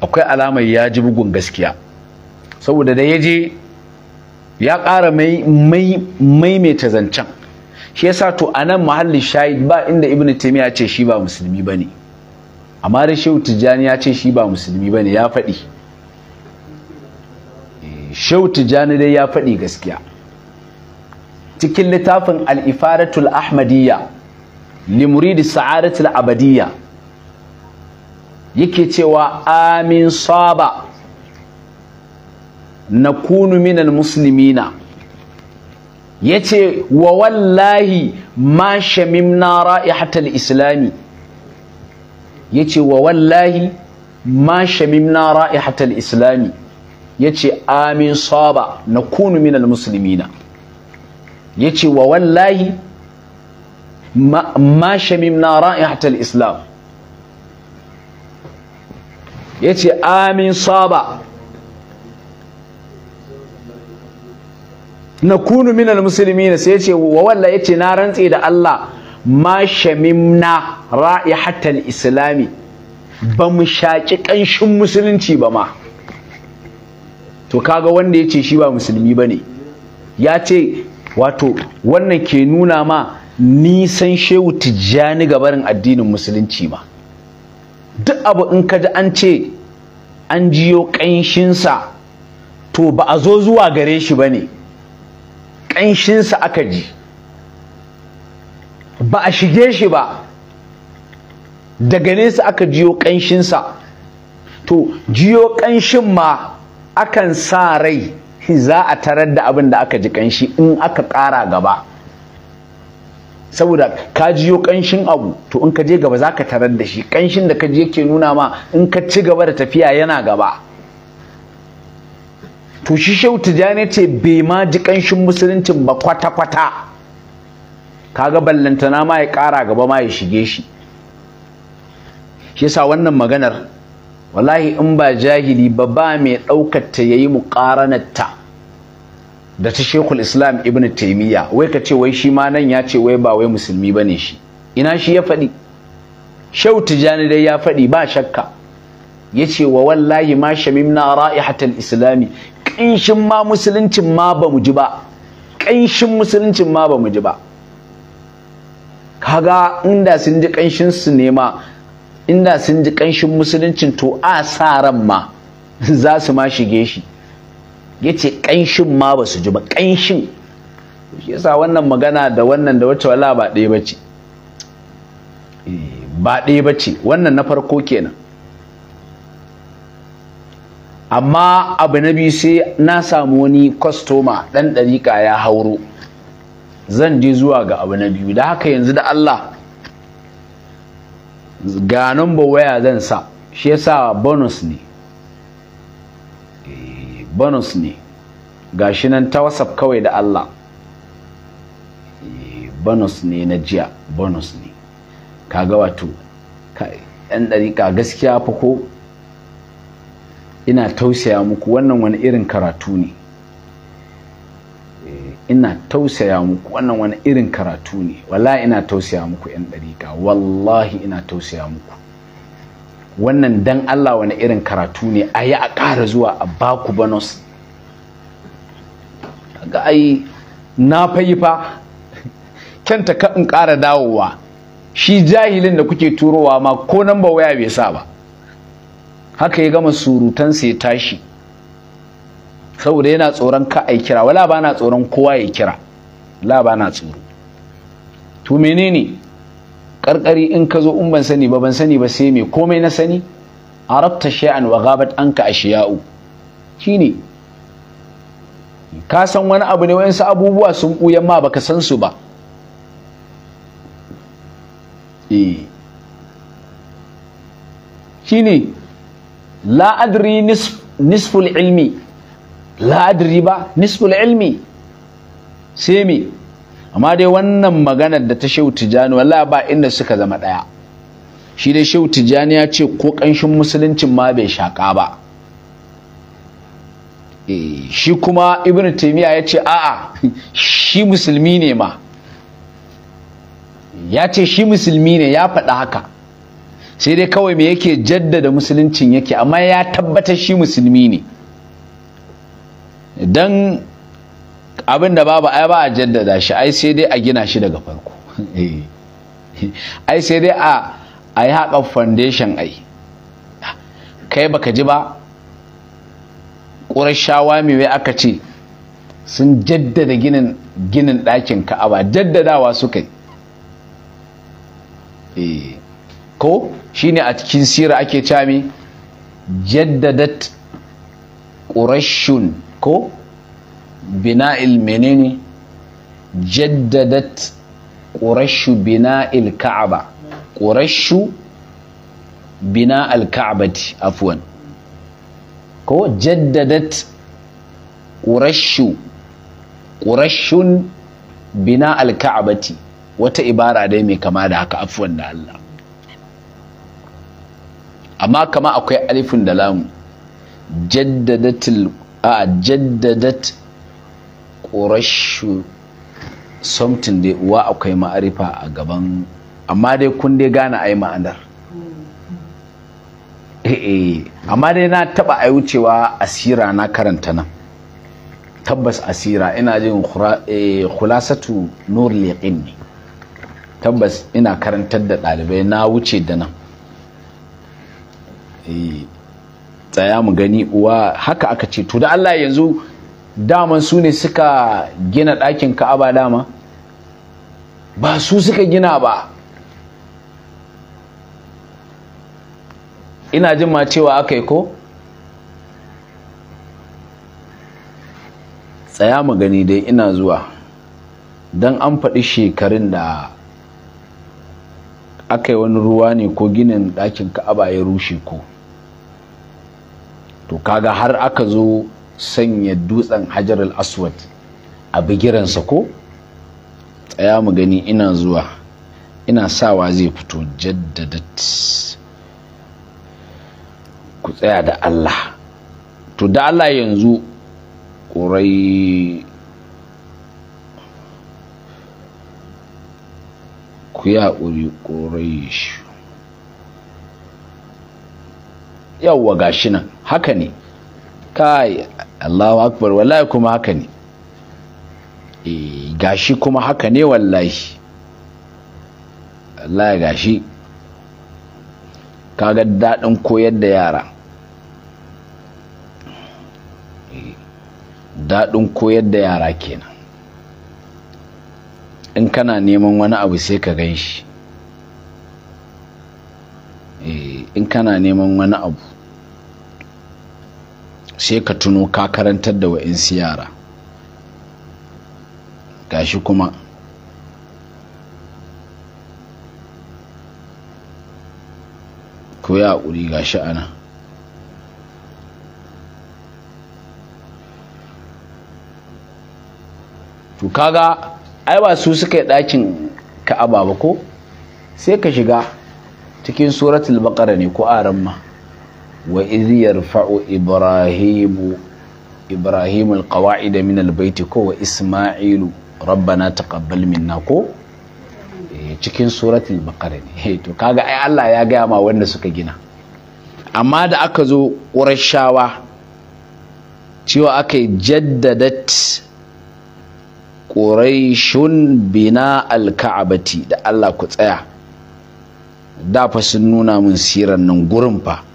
akwai alamar ya ji bugun gaskiya saboda da ya je ya ƙara mai maimaita zancen shi yasa to anan muhallin shahid ba inda ibnu taymiya ce shi ba musulmi bane amma da shehu Jani ya ce shi ba musulmi bane ya faɗi eh, shehu dai ya faɗi gaskiya cikin littafin al ifaratul ahmadiyya li sa'adatul abadiyya yake cewa amin saba na kunu minal muslimina ya ce wa wallahi ma shamimna ra'ihatal islami ya ce wa wallahi ma shamimna ra'ihatal islami ya ce amin saba na kunu minal muslimina ya ce wa wallahi ma shamimna ra'ihatal islam ya ce amin saba na kunu minal musulmi sai ya ce wa walla yace na rantse da Allah ma shamimna ra'ihatal islami ba mu shaƙi ƙanshin musulunci ba ma to kaga wanda yace shi ba musulmi ba ne ya ce wato wannan ke nuna ma nisan shehu tijjani gabarin addinin musulunci ma duk abu in ka ji an ce an jiyo ƙanshinsa to ba a zo zuwa gare shi ba ne ƙanshinsa aka ji ba a shige shi ba daga nesa aka jiyo ƙanshinsa to jiyo ƙanshin ma akan sa rai za a tarar da abin da aka ji ƙanshi in aka ƙara gaba saboda ka jiyo ƙanshin abu to in ka je gaba za ka tarar da shi ƙanshin da ka je yake nuna ma in ka ci gaba da tafiya yana gaba to shi shehu tijjani ce bai ma ji kanshin musuluncin ba kwata-kwata kaga ballantana ma ya ƙara gaba ma ya shige shi shi yasa wannan maganar wallahi in ba jahili ba ba mai ɗaukar ta yayi muƙaranarta da ta shekul islam ibn taimiyya wai ka ce wai shi ma nan ya ce wai ba wai musulmi ba ne shi ina shi ya faɗi shau tijjani dai ya faɗi ba shakka ya ce wa wallahi ma shamimna ra'ihatal islami ƙanshin ma musuluncin ma ba mu ji ba ƙanshin musuluncin ma ba mu ji ba kaga inda sun ji ƙanshin su ne ma inda sun ji ƙanshin musuluncin to a sa ran ma za su ma shige shi ya ce ƙanshin ma ba su ji ba ƙanshin shi yasa wannan magana da wannan da wacce wala ba ɗaya ba ce eh, ba ɗaya ba ce wannan na farko kenan amma abu na biyu sai na samu wani kwastoma ɗan ɗariƙa ya hauro zan je zuwa ga abu na biyu da haka yanzu da Allah ga number waya zan sa shi yasa bonus ne eh, bonus ne Ga shi nan ta whatsapp kawai da Allah eh, bonus ne na jiya bonus ne kaga wato ɗan ɗariƙa gaskiya fa ko ina tausaya muku wannan wani irin karatu ne eh, ina tausaya muku wannan wani irin karatu ne wallahi ina tausaya muku yan dariƙa wallahi ina tausaya muku wannan dan Allah wani irin karatu ne a yi a ƙara zuwa a baku banos ga ai na fayi fa kyanta ka in ƙara dawowa shi jahilin da kuke turowa ma ko nan ba waya bai sa ba haka ya gama surutan sai tashi saboda yana tsoron ka a kira wala ba na tsoron kowa ya kira la ba na tsoro to menene karkari in ka zo in ban sani ba ban sani ba sai me komai na sani arabta shay'an wa ghabat anka ashiya'u shine ka san wani abu ne wayansu abubuwa sun buyan ma baka san su ba eh shine la adri nisful ilmi la ba nisful ilmi sai me amma dai wannan maganar da ta shehu tijjani wallahi ba inda suka zama ɗaya shi dai shehu tijjani ya ce ko ƙanshin musuluncin ma bai shaƙa ba shi kuma ibn taimiyya ya ce a'a shi musulmi ne ma ya ce shi musulmi ne ya faɗi haka sai dai kawai me yake jaddada musuluncin yake amma ya tabbatar shi musulmi ne don abin da babu ai ba a jaddada shi ai sai dai a gina shi daga farko eh. ai sai dai a a yi haƙa foundation ai kai baka ji ba ƙurashawa mai aka ce sun jaddada ginin ginin ɗakin ka'aba jaddadawa suka yi eh. ko shine a cikin sira ake cami jaddadat ƙurashun ko bina'il menene jaddadat ƙurashu bina'il ka'aba Ƙurashu bina'il Ka'abati afuwan ko jaddadat ƙurashu ƙurashun bina'il Ka'abati? wata ibara dai mai kama da haka afuwan da Allah amma kama akwai alifin da lamu jaddadat ƙurashu something dai uwa akwai ma'arifa a gaban amma dai kun dai gane yi ma'anar eh, eh. amma dai na taba a wucewa asira na karanta nan tabbas asira ina jin eh, khulasatu nur liqin ne tabbas ina karantar da ɗalibai na wuce da nan Eh, tsaya mu gani uwa haka aka ce to da Allah yanzu dama su ne suka gina ɗakin ka'aba dama ba su suka gina ba ina jin ma cewa aka yi ko tsaya mu gani dai ina zuwa don an faɗi shekarun da aka yi wani ruwa ne ko ginin ɗakin ka'aba ya rushe ko to kaga har aka zo sanya dutsen hajar aswad a bigiransa ko tsaya mu gani ina zuwa ina sawa zai fito jaddadat ku tsaya da Allah to da Allah yanzu ƙurai ku ya ƙuri ƙurai shi yawwa gashi nan haka ne kai Allahu akbar wallahi kuma haka ne eh gashi kuma haka ne wallahi wallahi gashi kaga daɗin koyar da yara eh, daɗin koyar da yara kenan in kana neman wani abu sai ka gan shi eh, in kana neman wani abu sai ka tuno ka karantar da wa'insu yara gashi kuma ko ya ƙuri gashi ana to kaga ai ba su suka yi ɗakin ka ababa ko sai ka shiga cikin suratul baqara ne ko aramma. wa iziyar fa'o ibrahimu ibrahimu alƙawa'ida min albaiti ko wa ismailu rabbana taqabbal minna ko cikin suratul baqara ne to kaga ai Allah ya gaya ma wanda suka gina amma da aka zo ƙurashawa cewa aka jaddadat bina alka'abati da Allah ku tsaya da fa sun nuna mun siran nan gurin fa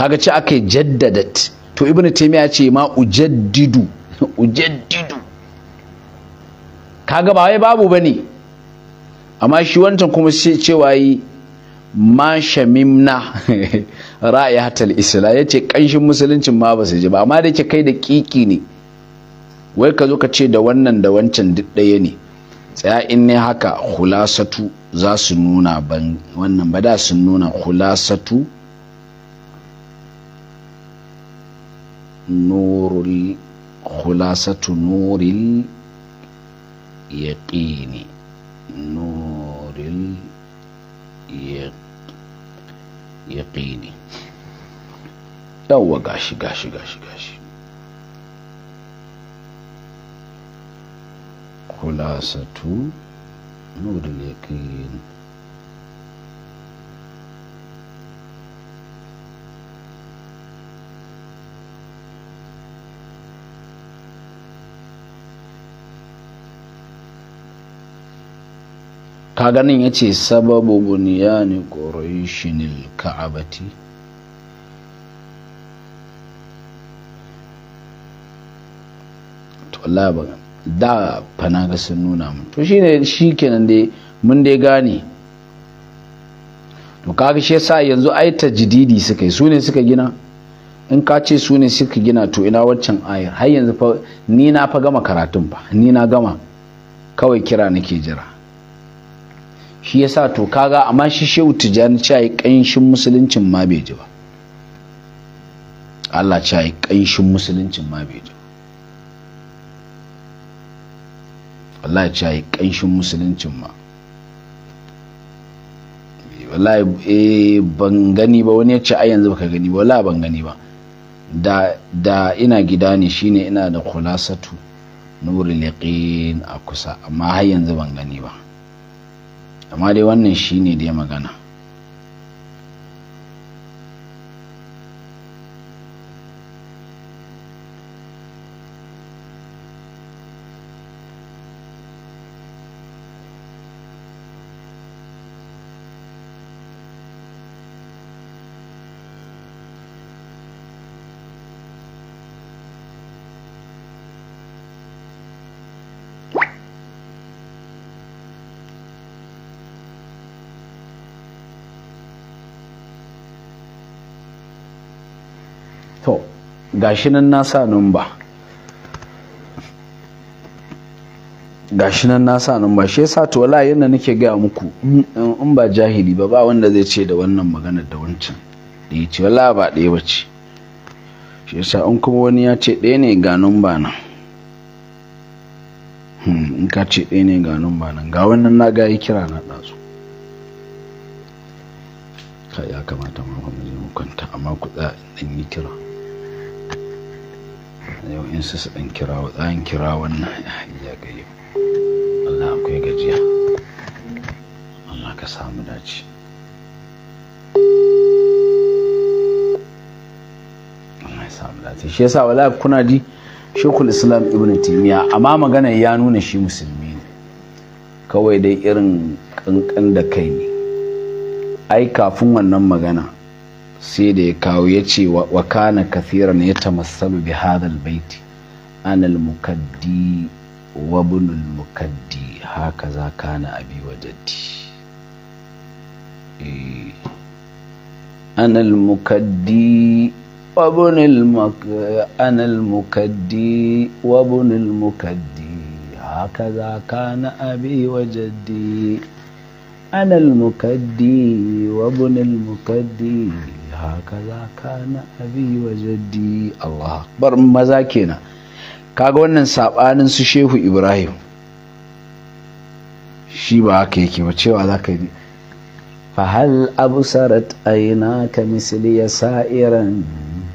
kaga ce aka yi jaddadat to ibn taymiya ce ma ujaddidu ujaddidu kaga ba wai babu bane amma shi wancan kuma sai cewa yi ma shamimna ra'ayatul islam yace kanshin musuluncin ma ba su ji ba amma da yake kai da kiki ne wai ka zo ka ce da wannan da wancan duk ɗaya ne tsaya in ne haka khulasatu za su nuna ban wannan ba da su nuna khulasatu nurul khulasatu nuril yaqini nuril yaqini yawwa gashi gashi gashi gashi khulasatu nuril yaqini ka ganin ya ce sababu buniyani ƙorashinil ka'abati ba da fanaga sun nuna mu to shi ne shi kenan dai mun dai gane to kaga shi yasa yanzu ai ta jididi suka yi sune suka gina in ka ce sune suka gina to ina waccan ayar har yanzu fa ni na fa gama karatun fa ni na gama kawai kira nake jira shi ya sa to kaga amma shi shehu tijjani yi kanshin musuluncin ma bai ji ba Allah yi kanshin musuluncin ma bai ji wallahi yi kanshin musuluncin ma wallahi eh ban gani ba wani ya ce ai yanzu baka gani ba wallahi ban gani ba da da ina gida ne shine ina da khulasatu nurul yaqin a kusa amma har yanzu ban gani ba amma dai wannan ne dai magana to gashi nan na sa numba gashi nan na sa numba shi yasa to wala yana nake gaya muku in ba jahili ba ba wanda zai ce da wannan magana da wancan da ya ce wala ba ɗaya bace shi yasa in kuma wani ya ce ɗaya ne ga numba nan hmm, in ka ce ɗaya ne ga numba nan ga wannan na ga yi kira na ɗazu ya kamata mu kwanta amma ku tsaya in yi kira yau in su su ɗan kira wa kira wannan ya gaye Allah akwai gajiya Allah ka samu dace Allah ya samu dace shi yasa wala kuna ji shekul islam ibn timiya amma magana ya nuna shi musulmi ne kawai dai irin kankan da kai ne ai kafin wannan magana sai da ya kawo ya ce wa kana kathira ne ya tamassalu bi hadal baiti anal mukaddi wa bunul mukaddi haka za kana abi wa jaddi eh. anal mukaddi wa bunul anal mukaddi wa bunul mukaddi haka za kana abi wa jaddi anal mukaddi wa bunul mukaddi hakaza kana abi wa jaddi Allah bar maza kenan kaga wannan sabanin su shehu Ibrahim shi ba haka yake ba cewa zaka yi Fa hal absarat aynaka misli sa'iran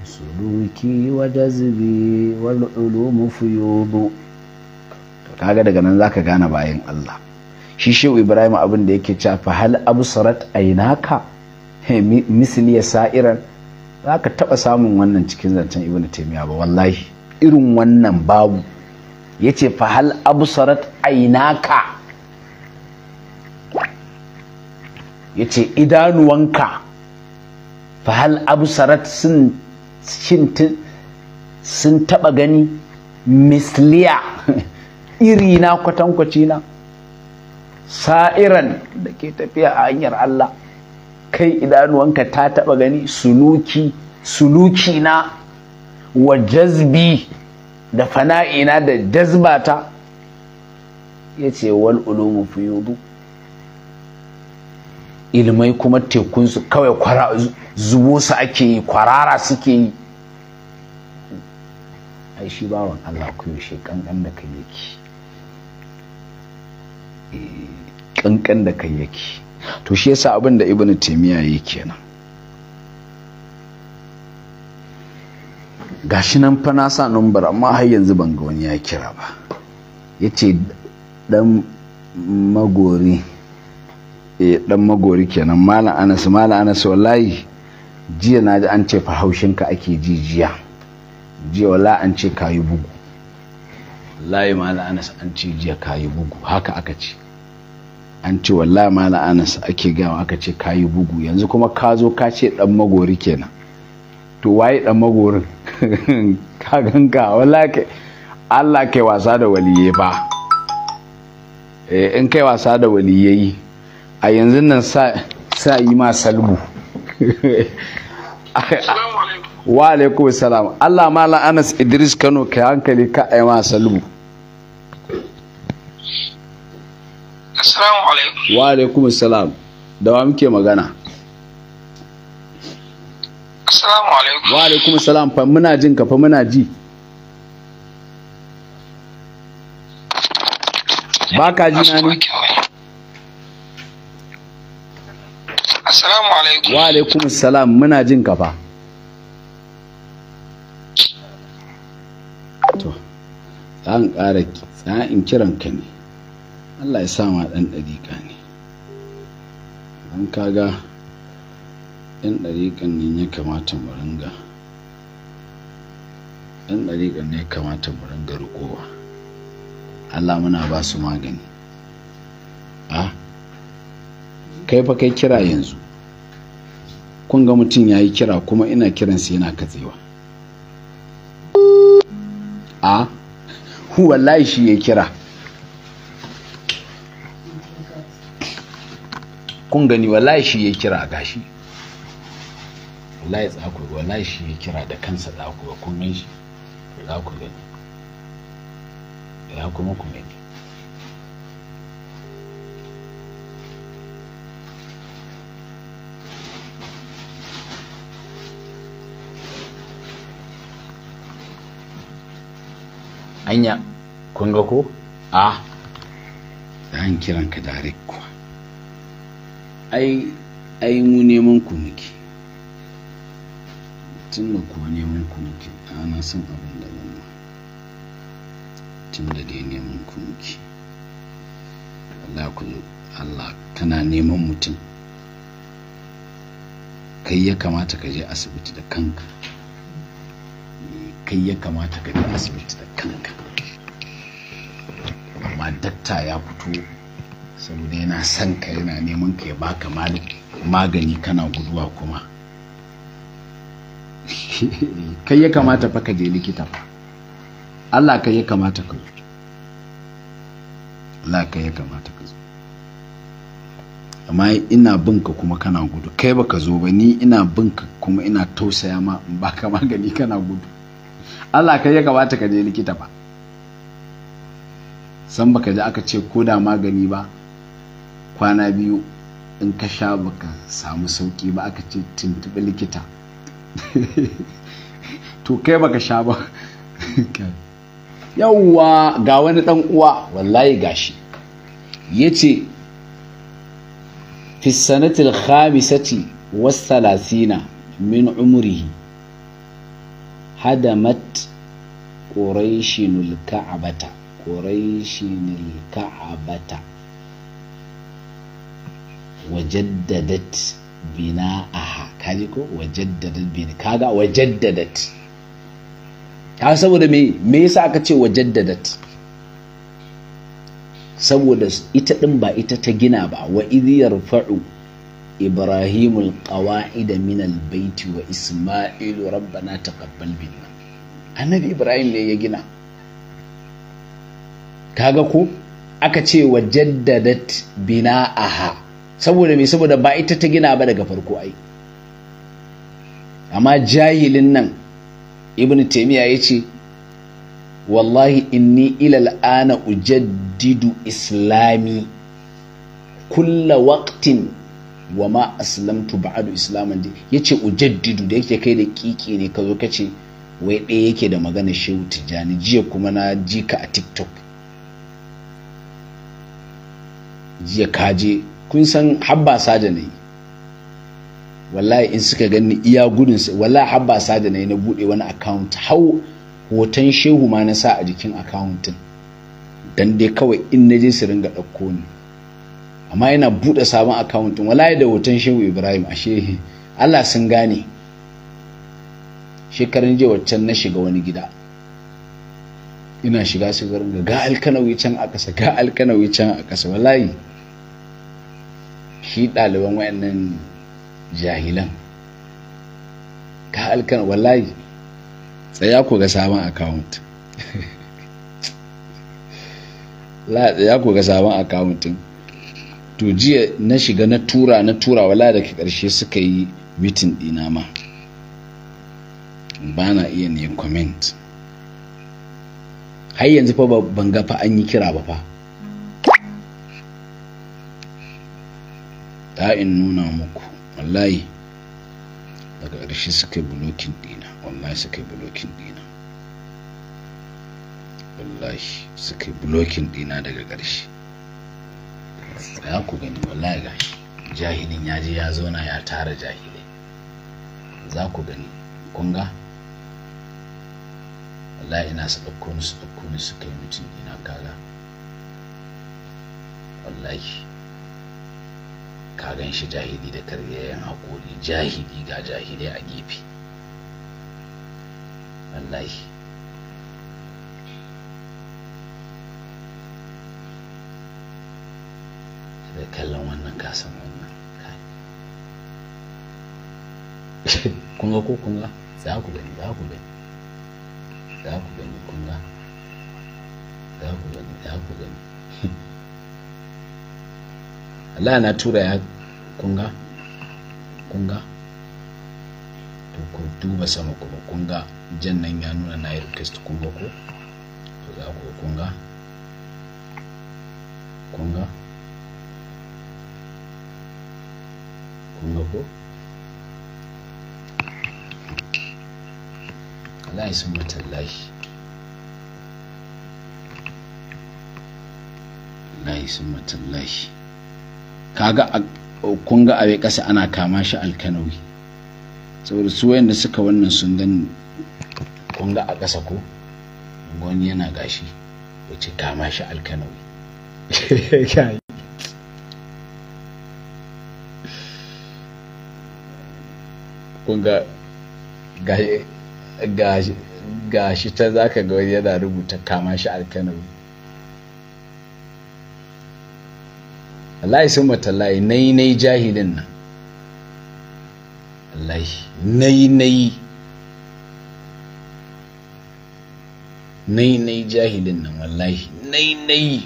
suluki wa jazbi wal ulum fuyudu kaga daga nan zaka gane bayan Allah shi shehu Ibrahim abin da yake cewa fahal absarat aynaka misliya sa'iran za ka taɓa samun wannan cikin zancen ibn taimiya ba wallahi irin wannan babu ya ce fahal absarat ainaka ya ce idanuwanka fahal absarat sun sun taɓa gani misliya irina kwatankwaci na sa'iran da ke tafiya a hanyar Allah kai idanuwanka ta taba gani suluki suluki na wa jazbi da fana'ina da jazbata ya ce wal ulumu fuyudu ilmai kuma tekunsu kawai kwara zubo su ake yi kwarara suke yi ai shi bawan Allah ku yaushe kankan da kai yake kankan eh, da kai yake to shi yasa abin da ibn taimiyya ya kenan gashi nan fa na sa numbar amma har yanzu ban ga wani ya kira ba ya ce dan magori eh dan magori kenan malam anas malam anas wallahi jiya na ji an ce fa haushinka ake ji jiya jiya wala an ce kayi bugu wallahi malam anas an ce jiya kayi bugu haka aka ce an ce wallahi mala anas ake gama aka ce kayi bugu yanzu kuma ka zo ka ce dan magori kenan to waye dan magorin ka ganka wallahi Allah kai wasa da waliye ba eh, in kai wasa da yi a yanzu nan sa yi ma salbu wa alaikum salam Allah mala anas idris kano kai hankali ka ai ma salbu Assalamu alaikum. Wa alaikum salam. Da wa muke magana? Assalamu alaikum. Wa alaikum salam fa muna jin ka fa muna ji. Ba ka ji na ni? Assalamu alaikum. Wa alaikum salam muna jin ka fa. To. An ƙara in kiran ka ne. Allah ya sa ma ɗan ɗariƙa ne an kaga ɗan ɗariƙan ne ya kamata mu ringa ɗan ɗariƙan ne ya kamata mu ringa Allah muna ba su magani a kai fa kai kira yanzu kun ga mutum ya yi kira kuma ina kiransa yana katsewa a wallahi shi ya kira kun gani wallahi shi ya kira gashi wallahi za wallahi shi ya kira da kansa da ku kun gani shi za ku gani ya kuma ku gani anya kun ga ko a ah, zan kiranka direct ai ai mu neman ku muke tun da kuwa neman ku muke ana son abin da zama tun da dai neman ku muke Allah ku Allah kana neman mutum kai ya kamata ka je asibiti da kanka kai ya kamata ka je asibiti da kanka amma dakta ya fito saboda yana son ka yana neman ka ya baka magani kana guduwa kuma kai ya kamata fa ka je likita fa Allah kai ya kamata ka zo Allah kai ya kamata ka zo amma ina bin ka kuma kana gudu kai baka zo ba ni ina bin ka kuma ina tausaya ma in baka magani kana gudu Allah kai ya kamata ka je likita fa san baka ji aka ce ko da magani ba kwana biyu in ka sha baka samu sauki ba aka ce tuntuɓi likita to kai baka sha ba yawwa ga wani ɗan uwa wallahi gashi ya ce fisanatil khamisati wasalasina salasina min umri, hadamat quraishin al-ka'bata quraishin wajaddadat bina aha kaji ko wajaddadat bina kaga wajaddadat ka saboda me me yasa aka ce wajaddadat saboda ita din ba ita ta gina ba wa idh yarfa'u ibrahimul qawa'ida min albayti wa isma'ilu rabbana taqabbal minna annabi ibrahim ne ya gina kaga ko aka ce wajaddadat bina bina'aha saboda mai saboda ba ita ta gina ba daga farko ai amma jahilin nan ibn taimiyya ya ce wallahi inni ilal ana ujaddidu islami kulla waqtin wa ma aslamtu ba'adu islaman da yace ujaddidu da yake kai da kiki ne ka zo ka ce wai ɗaya yake da magana shehu tijjani jiya kuma na ji ka a tiktok jiya kaje. kun san habba sada ne wallahi in suka gani iya gudun wallahi habba sada ne na bude wani account hau hoton shehu ma na sa a jikin accountin dan dai kawai in na je su ringa ɗauko ni amma yana buɗe sabon accountin wallahi da hoton shehu ibrahim ashe Allah sun gane shekarun je waccan na shiga wani gida ina shiga su ga alkanawi can a ƙasa ga alkanawi can a ƙasa wallahi shi ɗaliban wayannan jahilan ka alkan wallahi tsaya ku ga sabon account la tsaya ku ga sabon account to jiya na shiga na tura na tura wala daga karshe suka yi meeting dina ma ba na iya ne comment har yanzu fa ban ga fa an yi kira ba fa in nuna muku wallahi daga ƙarshe suka yi bulokin dina wallahi suka yi bulokin dina wallahi suka yi bulokin dina daga ƙarshe ya ku gani wallahi ga jahilin ya je ya zauna ya tara jahilai za ku gani kun ga wallahi ina su ɗauko ni su ɗauko ni suka yi mutum dina kaga wallahi ka gan shi jahili da karyayyen haƙori jahili ga jahilai a gefe wallahi da kallon wannan kasan wannan kunga ko kunga za ku gani za ku gani za ku gani kunga za ku gani za ku gani Allah na tura ya kunga kunga to ku duba sama kuma kunga jannan ya nuna na yi request kunga ko to za ku kunga kunga kunga ko Allah ya sun matallahi Allah ya sun matallahi kaga kun ga awe kasa ana kama shi alkanawi saboda su wayanda suka wannan sun dan kun ga a kasa ko wani yana gashi wace kama shi alkanawi kun ga gashi ta zaka ga wani yana rubuta kama shi alkanawi wallahi sun matallahi na yi jahilin nan wallahi nai nai na yi jahilin nan wallahi na yi.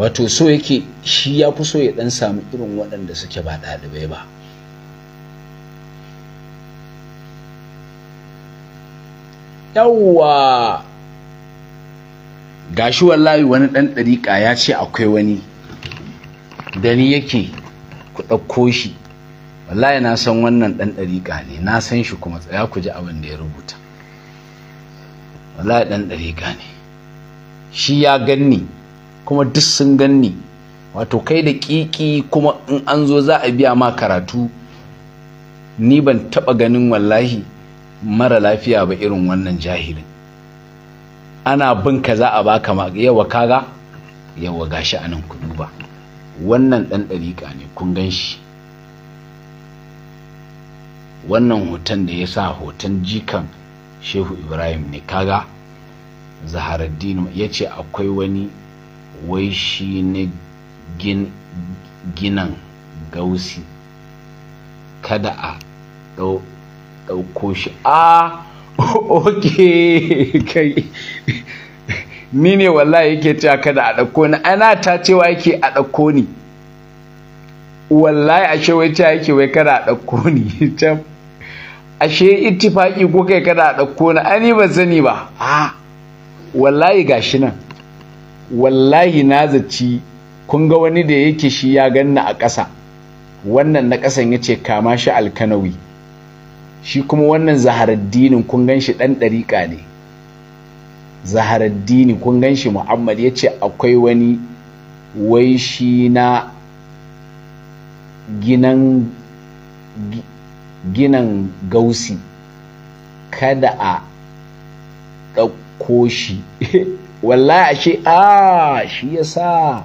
wato so yake shi ya fi so ya dan samu irin waɗanda suke ba ɗalibai ba yawwa gashi wallahi wani ɗan ɗariƙa ya ce akwai wani da ni yake ku ɗauko shi wallahi na san wannan ɗan ɗariƙa ne na san shi kuma tsaya ku ji abin da ya rubuta wallahi ɗan ɗariƙa ne shi ya ganni kuma duk sun ganni wato kai da ƙiƙi kuma in an zo za a biya ma karatu ni ban taɓa ganin wallahi mara lafiya ba irin wannan jahilin ana bin ka za a baka ma yawa kaga yawa gashi nan kudu ba wannan ɗan ɗariƙa ne kun gan shi wannan hoton da ya sa hoton jikan shehu ibrahim ne kaga zaharaddin ya ce akwai wani wai shi ne ginan gausi kada a ɗau ɗauko shi a oke kai ni ne wallahi yake cewa kada a ɗauko ni ana ta cewa yake a ɗauko ni wallahi ashe wai cewa yake wai kada a ɗauko ni can ashe ittifaki ko kai kada a ɗauko ni yi ba zani ba a wallahi gashi nan wallahi na zaci kun ga wani da yake shi ya ganna a ƙasa wannan na ƙasan ya ce kama shi alkanawi shi kuma wannan zaharaddinin kun gan shi ɗan ɗariƙa ne zaharaddini kun gan shi muhammad ya ce akwai wani wai shi na ginan gausi kada a ɗauko shi wallahi ashe a shi sa.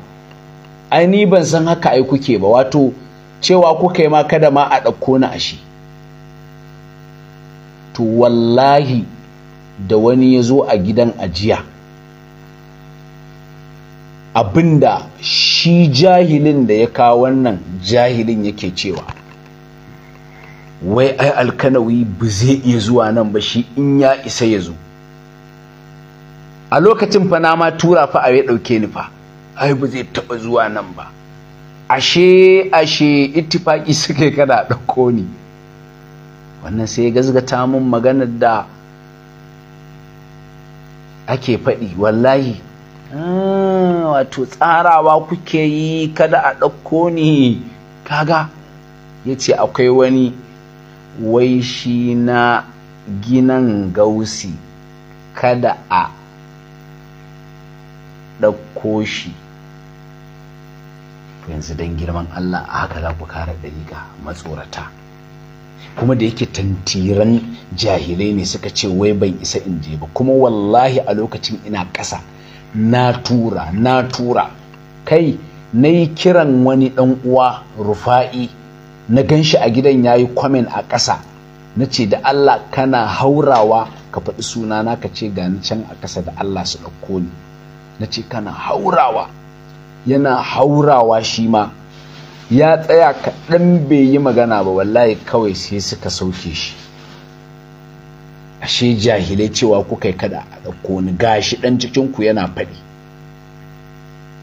ai ni ban san haka ai kuke ba wato cewa kuka yi ma kada ma a ɗauko ni ashe to wallahi da wani ya zo a gidan ajiya abinda shi jahilin da ya kawo wannan jahilin yake cewa wai ai alkanawi ba zai iya zuwa nan ba shi in ya isa ya zo a lokacin fa na ma tura fa a ya ɗauke ni fa ai ba zai taɓa zuwa nan ba ashe ashe ittifaki suke kada ɗauko ni wannan sai gazgata mun maganar da ake faɗi wallahi ah, wato tsarawa kuke yi kada a ɗauko ni kaga ya ce akwai wani wai shi na ginan gausi kada a ɗauko shi yanzu don girman allah a haka za ku kara ɗariƙa matsorata kuma da yake tantiran jahilai ne suka ce wai ban isa in je ba kuma wallahi a lokacin ina ƙasa na tura na tura kai na yi kiran wani ɗan uwa rufa'i na gan shi a gidan ya yi kwamen a ƙasa na ce da Allah kana haurawa ka faɗi suna na? ka ce gani can a ƙasa da Allah su ɗauko ni na ce kana haurawa yana haurawa shi ma ya tsaya kaɗan bai yi magana ba wallahi kawai sai suka sauke shi ashe jahilai cewa kuka yi kada a ni gashi ɗan cikinku yana faɗi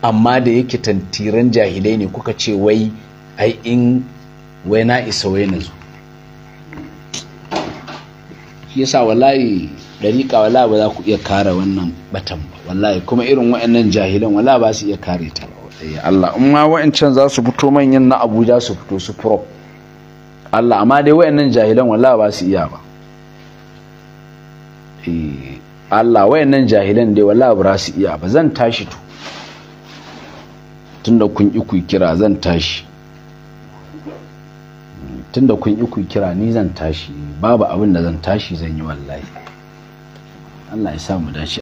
amma da yake tantiran jahilai ne kuka ce wai ai in wai na isa wai na zo shi yasa wallahi ɗariƙa wallahi ba za ku iya kare wannan batan ba wallahi kuma irin waɗannan jahilan wallahi ba su iya kare ta ba Eh, Allah in ma wa'ancan za su fito manyan na Abuja su fito su furo. Allah amma dai wa'annan jahilan wallahi ba su iya ba eh, Allah wa'annan jahilan dai wallahi ba su iya ba zan tashi to tunda kun yi ku kira zan tashi tunda kun yi ku kira ni zan tashi babu abin da zan tashi zan yi wallahi Allah ya sa mu dace